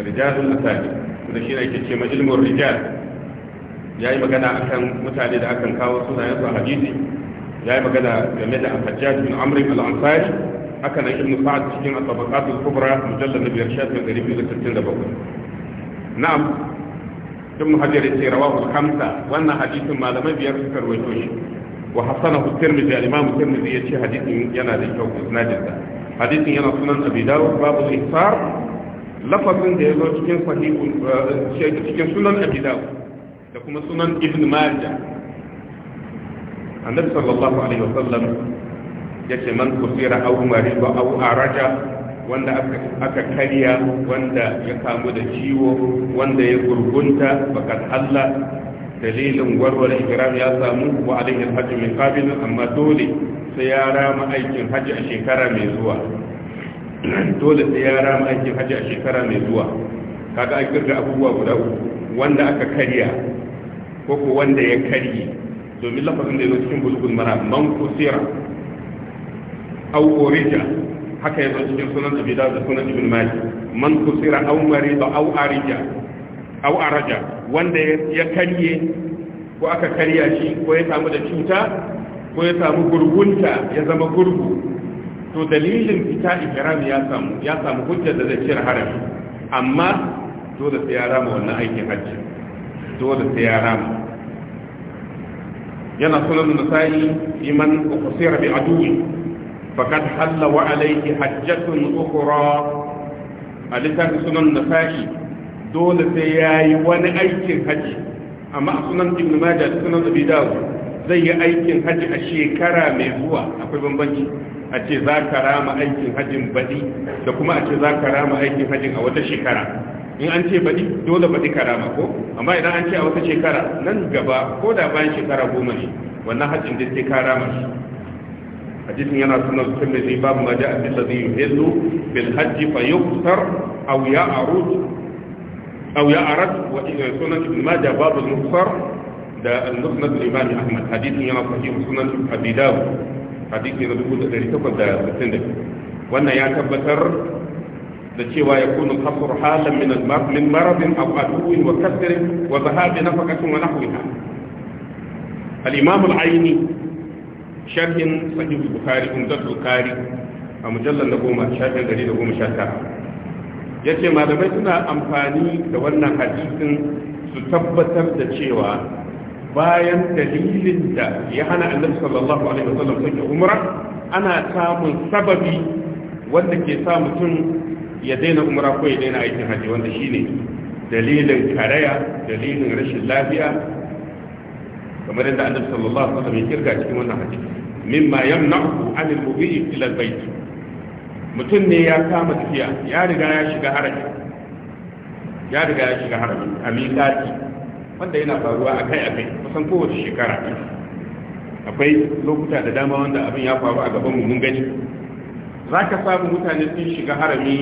rijalul asani da shi ake cewa ilmin rijal ya yi magana a kan mutane da akan kawo sunayen su a hadisi ya yi magana game da al-hajjaj bin amr bin al-ansari haka nan ibn sa'ad cikin at-tabaqat al-kubra mujallad na biyar shafin 267 na'am ibn hajar yace rawahu al wannan hadisin malamai biyar suka rawaito shi wa hasanahu tirmidhi al yana da kyau isnadin sa sunan abi babu ihsar lafazin da yazo cikin sahihun eh, cikin sunan abi da kuma sunan ibn majah annabi sallallahu alaihi wasallam wanda aka karya wanda ya kamu da ciwo wanda ya gurgunta bakan Allah dalilin warware ikram ya samu wa alaihi hajji mai kabin amma dole sai ya rama aikin hajji a shekara mai zuwa [clears throat] dole sai ya rama aikin hajji a shekara mai zuwa kaga a kirga abubuwa guda wanda aka karya ko ku wanda ya karye domin lafazin da yake cikin bulgul mara man kusira aw orija haka yanzu cikin sunan abi da sunan ibn mali man kusira aw marid aw arija aw araja wanda ya karye ko aka karya shi ko ya samu da cuta ko ya samu gurgunta ya zama gurgu to dalilin fita ihram ya samu ya samu hujja da zai cire harami amma dole sai ya rama wannan aikin hajji dole sai ya rama yana sunan nasa'i iman ukhsira bi aduwi فقد حل وعليه حجة أخرى ألتاك سنن النسائي دول سياي وانا أيكين حج أما سنن ابن ماجه سنن أبي داود زي أيكين حج الشيكرة ميزوة أقول بمبنجي a ce za ka rama aikin hajjin baɗi da kuma a ce za ka rama aikin a wata shekara in an ce baɗi dole baɗi karama, ko amma idan an ce a wata shekara nan gaba ko da bayan shekara goma ne wannan hajjin da ta ka rama shi hadisin yana sunan tirmidhi babu ma ja'a bil ladhi yuhillu bil hajj fa yuftar aw ya'rud aw ya'rad wa sunan ibn majah babu al-muftar da al-musnad al-imam ahmad hadisin yana sahih sunan abi dawud hadisi na 1862 wannan ya tabbatar da cewa ya kunu kafur halan min min maradin aw aduwin wa kasrin wa zahabi nafaqatin wa nahwiha al-imam al-aini sharhin sahih bukhari umdatul Bukhari, a mujallal na goma shafin gari da goma sha tara ya ce malamai suna amfani da wannan hadisin su tabbatar da cewa bayan dalilin da ya hana annabi sallallahu alaihi wasallam sake umra ana samun sababi wanda ke sa mutum ya daina umra ko ya daina aikin haji wanda shine dalilin karaya dalilin rashin lafiya kamar yadda annabi sallallahu alaihi wasallam ya kirga cikin wannan hadisi mimma yamna'u an al-mubiyyi ila al-bayt mutum ne ya kama tafiya ya riga ya shiga harami ya riga ya shiga harami a miƙati wanda yana faruwa akai akai kusan kowace shekara akwai lokuta da dama wanda abin ya faru a gaban mu mun gani zaka samu mutane sun shiga harami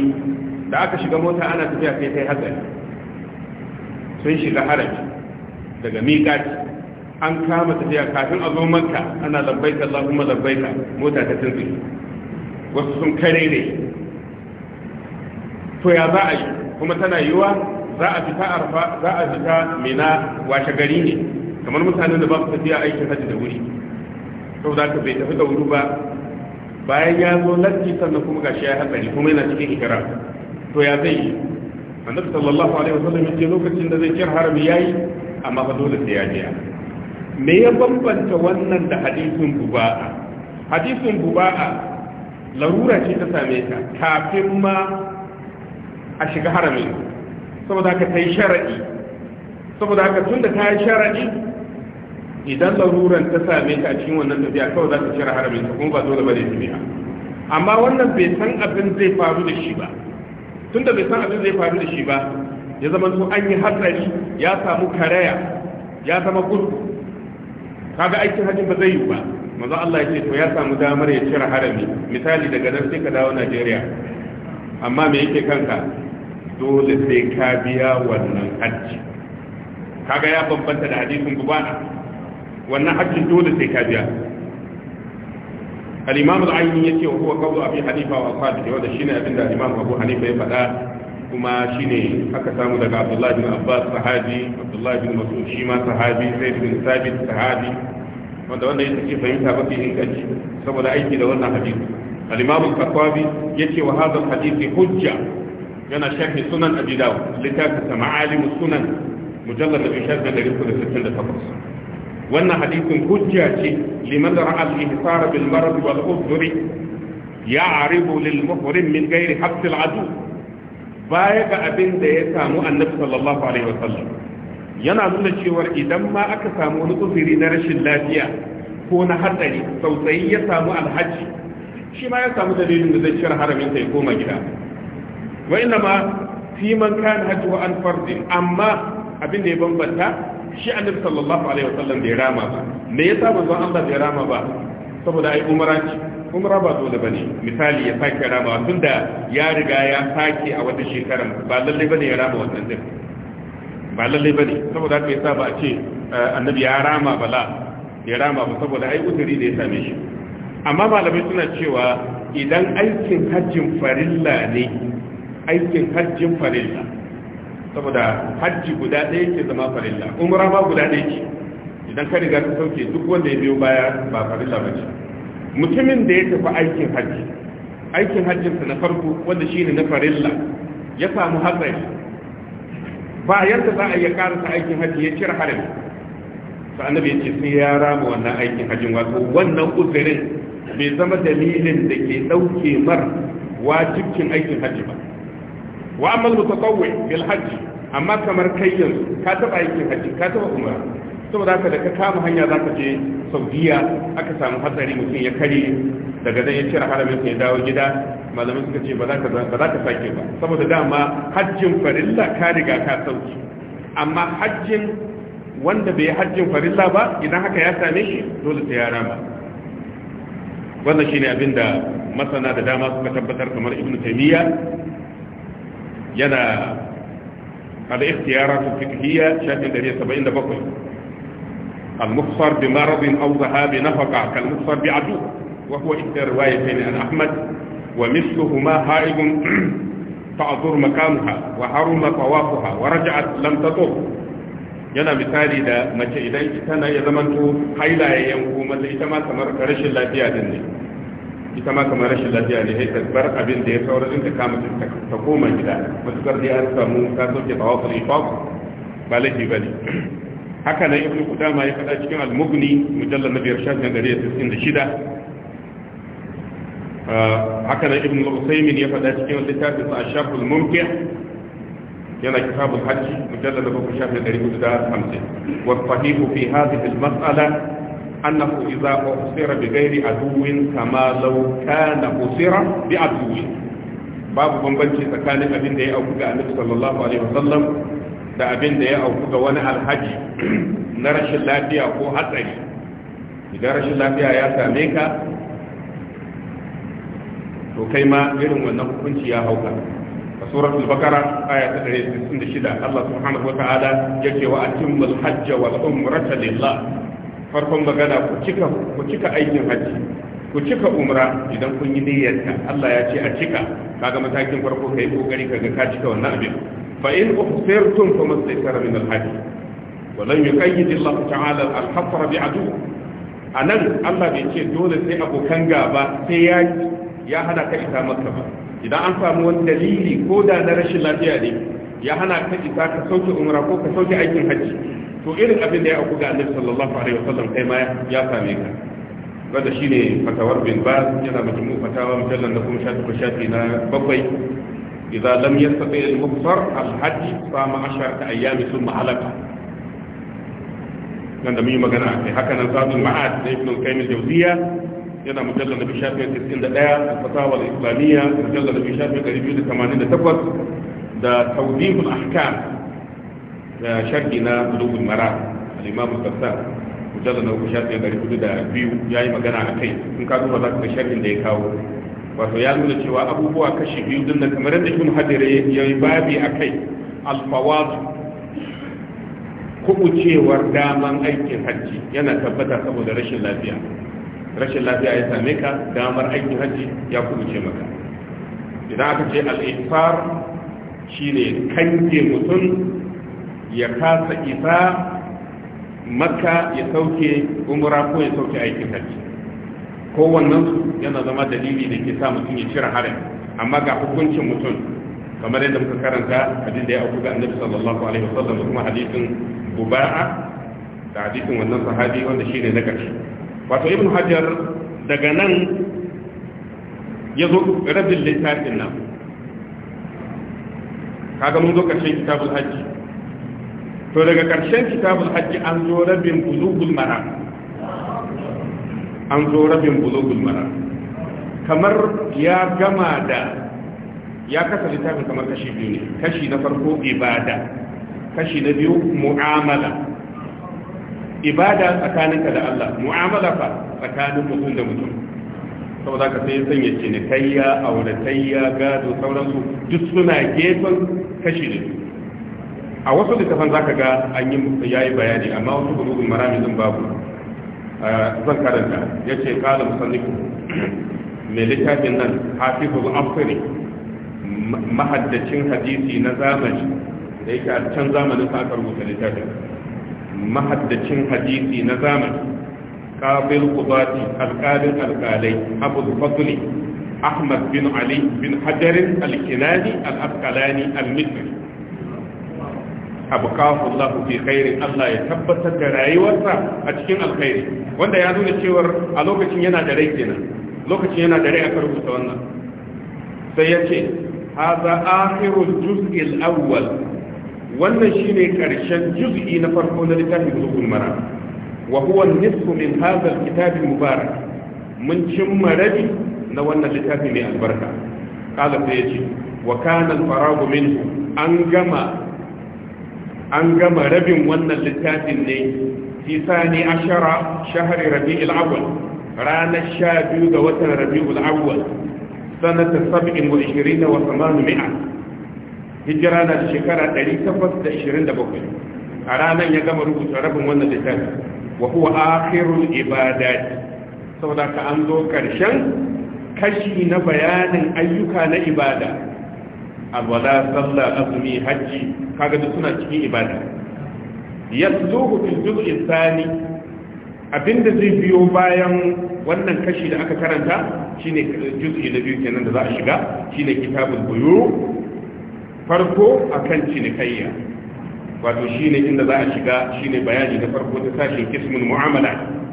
da aka shiga mota ana tafiya sai kai hatsari sun shiga harami daga miƙati an kama tafiya kafin a zo makka ana labbaika allahumma labbaika mota ta tunzi wasu sun kare ne to ya za a yi kuma tana yiwa za a fita arfa za a fita mina washe gari ne kamar mutanen da ba su tafiya aikin hajji da wuri da ka bai tafi da wuri ba bayan ya zo latti sannan kuma gashi ya hatsari kuma yana cikin ikira to ya zai yi annabi sallallahu alaihi wasallam yace lokacin da zai kir harami yayi amma fa dole sai ya je me ya bambanta wannan da hadisin buba'a hadisin buba'a larura ce ta same ka kafin ma a shiga haramin saboda haka ta yi shara'i saboda haka tun da ta yi shara'i idan laruran ta same ka a cikin wannan tafiya kawai za ta shara haramin ta kuma ba dole ba ne tafiya amma wannan bai san abin zai faru da shi ba tun da bai san abin zai faru da shi ba ya zama su an yi hatsari ya samu karaya ya zama gudu kaga aikin hajjin ba zai yi ba manzo Allah ya ce to ya samu damar ya cire harami misali daga nan sai ka dawo Najeriya amma me yake kanka dole sai ka biya wannan hajji kaga ya bambanta da hadisin gubana wannan hajji dole sai ka biya al-imam al-aini yace wa huwa qawlu abi hanifa wa ashabihi wa da shine abinda al-imam abu hanifa ya faɗa kuma ne aka samu daga abdullahi bin abbas sahabi abdullahi bin mas'ud shi ma sahabi zaid bin sabit sahabi wanda wanda yake fahimta mafi inganci saboda aiki da wannan hadisi al-imam al-qattabi yace wa hadha al-hadisi hujja yana sharhi sunan abi dawud littafi sa ma'alim sunan mujallad bi sharh 168 wannan hadisin hujja ce liman ra'a al-ihsar bil marad wal udhr ya'ribu lil muhrim min ghairi habs al-adu baya ga abin da ya samu annabi sallallahu alaihi wasallam yana nuna cewa idan ma aka samu wani uzuri na rashin lafiya ko na hatsari sautsayi ya samu alhaji shi ma ya samu dalilin da zai cire haramin sai koma gida wa inna ma fi man kan hajji wa an fardin amma abin da ya bambanta shi annabi sallallahu alaihi wasallam bai rama ba me yasa manzon Allah bai rama ba saboda ai umara ce umra ba dole bane misali ya sake tun da ya riga ya sake a wata shekaran ba lalle bane ya rama wannan din ba lalle bane saboda haka yasa ba a ce eh, annabi ya rama bala ya rama ba saboda ai uturi da ya same shi amma malamai suna cewa idan aikin hajjin farilla ne aikin hajjin farilla saboda hajji guda ɗaya ke zama farilla umra ma guda ɗaya ce idan ka riga ka sauke duk wanda ya biyo baya ba farilla ba ce mutumin da ya tafi aikin hajji aikin hajjinsa na farko wanda shine na farilla ya samu hatsari ba yadda za a iya karasa aikin hajji ya cire harin su annabi ya ce sai ya rama wannan aikin hajjin wato wannan uzurin bai zama dalilin da ke dauke mar wajibcin aikin hajji ba wa amma mutakawai bil hajji amma kamar kai yanzu ka taba aikin hajji ka taba umara saboda haka da ka kama hanya za ka je saudiya aka samu hatsari mutum ya kare daga nan ya cire haramin ya dawo gida malamin suka ce ba za ka sake ba saboda dama hajjin farilla ka riga ka sauki amma hajjin wanda bai hajjin farilla ba idan haka ya same shi dole sai ya rama wannan shine abin da masana da dama suka tabbatar kamar ibnu taymiya yana al-ikhtiyaratu fiqhiyya shafin 177 المخصر بمرض أو ذهاب نفقة كالمخصر بعدو وهو إحدى الروايتين عن أحمد ومثلهما هائب تعذر مكانها وحرم طوافها ورجعت لم تطر yana misali da mace idan ita na ya zamanto hailaye yanku mata ita ma kamar rashin lafiya din ne ita ma kamar rashin lafiya ne sai bar abin da ya saura din ta kama ta koma gida matukar da ya samu ta sauke tawaful ifaq ba laifi bane haka nan ibn qudama ya faɗa cikin al-mughni mujallal na biyar shafin gari da shida ah, haka nan ibn al ya faɗa cikin littafin sa shafin mumkin yana kitabul hajj mujallal na bakwai shafin gari da hamsin wa Fahimu fi hadhihi al-mas'ala annahu idza usira bi ghairi aduwin kama law kana usira bi aduwin babu bambanci tsakanin abin da ya auku ga annabi sallallahu alaihi wasallam da abin da ya auku ga wani alhaji na rashin lafiya ko hatsari idan rashin lafiya ya same ka to kai ma irin wannan hukunci ya hauka a al bakara aya ta 166 Allah subhanahu wata'ala yake wa atimmul hajj wal umrata lillah farkon magana ku cika ku cika aikin haji ku cika umra idan kun yi niyyarta Allah ya ce a cika kaga matakin farko kai kokari kaga ka cika wannan abin فإن أخسرتم فما استيسر من الهدي ولن يقيد الله تعالى الحصر بعدو أنا الله بيتي دولة سي أبو كنغا با سياج يا هنا كإسا مكة با إذا أنت من دليلي كودا نرش الله ديالي يا هنا كإسا كسوك أمرك كسوك أيك الحج to irin abin da ya auku ga annabi sallallahu alaihi wasallam kai ma ya same ka wanda shine fatawar bin baz yana majmu fatawa mujallal na kuma shafi shafi na bakwai إذا لم يستطع المفسر الحج صام عشرة أيام ثم علق عند مي مغنا هكذا نزاد المعاد لابن القيم الجوزية ينا مجلد النبي شافعي تسكين دا الفتاوى الإسلامية مجلد النبي شافعي قريب يوزي ثمانين تفوت توظيف الأحكام دا شرقنا بلوغ المراد الإمام القسام مجلد النبي شافعي قريب يوزي دا بيو جاي مغنا عقيد إن كانوا هذا كشرق دا يكاو wato ya nuna cewa abubuwa kashi biyu din da kamar yadda ibn hajar ya yi babi a kai alfawaz kubucewar daman aikin hajji yana tabbata saboda rashin lafiya rashin lafiya ya same ka damar aikin hajji ya kubuce maka idan aka ce al'ifar shine kange mutum ya kasa isa maka ya sauke umura ko ya sauke aikin hajji kowannen yana zama dalili da ke sa mutum ya cire harin amma ga hukuncin mutum kamar yadda muka karanta hadin da ya auku ga annabi sallallahu alaihi wasallam kuma hadisin buba'a da hadisin wannan sahabi wanda shine na ƙarshe wato Ibn hajar daga nan ya zo rabin littafin nan kaga mun zo ƙarshen kitabul hajji to daga ƙarshen kitabul hajji an zo rabin bulugul maram an zo rabin bulugul mara kamar ya gama da ya kasa littafin kamar kashi biyu ne kashi na farko ibada kashi na biyu mu'amala ibada tsakaninka da Allah mu'amala fa tsakanin mutum da mutum saboda ka sai sanya cinikayya auratayya gado sauransu duk suna gefen kashi ne a wasu littafan ka ga an yi yayi bayani amma wasu bulugul marami zan babu zan karanta ya ce ƙalar musalliku mai littafin nan hafifin afiri mahaddacin hadisi na zamani da yake a can zamanin sa aka rubuta littafin mahaddacin hadisi na zamani kafin kubati alƙalin alƙalai abu fadli ahmad bin ali bin hajarin alkinani al'askalani al-misri abu kafin allahu fi khairin allah ya tabbatar da rayuwarsa a cikin alkhairi wanda ya nuna cewar a lokacin yana da rai kenan lokacin yana da rai aka rubuta wannan sai ya ce haza akhirul juz'il awwal wannan shine ƙarshen juz'i na farko na littafin zuhul mara wa huwa nisfu min hadha alkitab mubarak mun cimma rabi na wannan littafi mai albarka kala sai ya ce wa kana alfaragu minhu an gama an gama rabin wannan littafin ne fi sani ashara shahari rabi'ul awwal ranar sha biyu ga watan rabi'ul awwal sanata sab'in wa ishirina wa samanu mi'a hijira na shekara bakwai. a ranar ya gama rubuta rabin wannan littafi wa huwa akhirul ibadat saboda ka an zo karshen kashi na bayanin ayyuka na ibada alwala sallah azumi hajji kaga duk suna cikin ibada yasluhu fil juz'i thani abinda zai biyo bayan wannan kashi da aka karanta shine juz'i na biyu kenan da za a shiga shine kitabul buyu farko akan cinikayya wato shine inda za a shiga shine bayani na farko ta sashin kismul mu'amala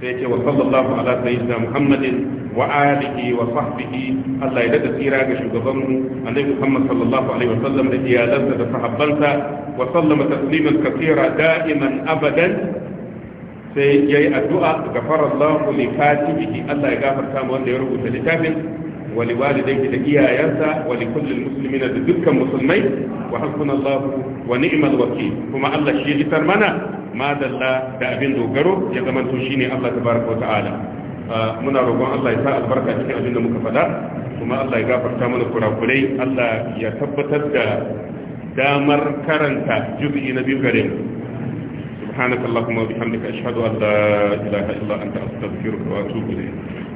sai ce wa sallallahu ala sayyidina muhammadin wa alihi wa sahbihi Allah ya dada tsira ga shugaban mu annabi Muhammad sallallahu alaihi wa sallam da iyalansa da sahabbansa wa sallama tasliman kathira da'iman abadan sai yayi addu'a gafarallahu li fatihi Allah ya gafarta mu wanda ya rubuta littafin wali walidayki da iyayensa wali kullil muslimina da dukkan musulmai wa hasbunallahu wa ni'mal wakil kuma Allah shi ya isar mana madalla da abin dogaro ya zama to shine wa muna roƙon Allah ya sa albarka cikin abin da muka faɗa kuma Allah ya gafarta mana kurakurai Allah ya tabbatar da damar karanta juz'i na biyu gare subhanakallahumma wa bihamdika ashhadu an la ilaha illa anta astaghfiruka wa atubu ilayk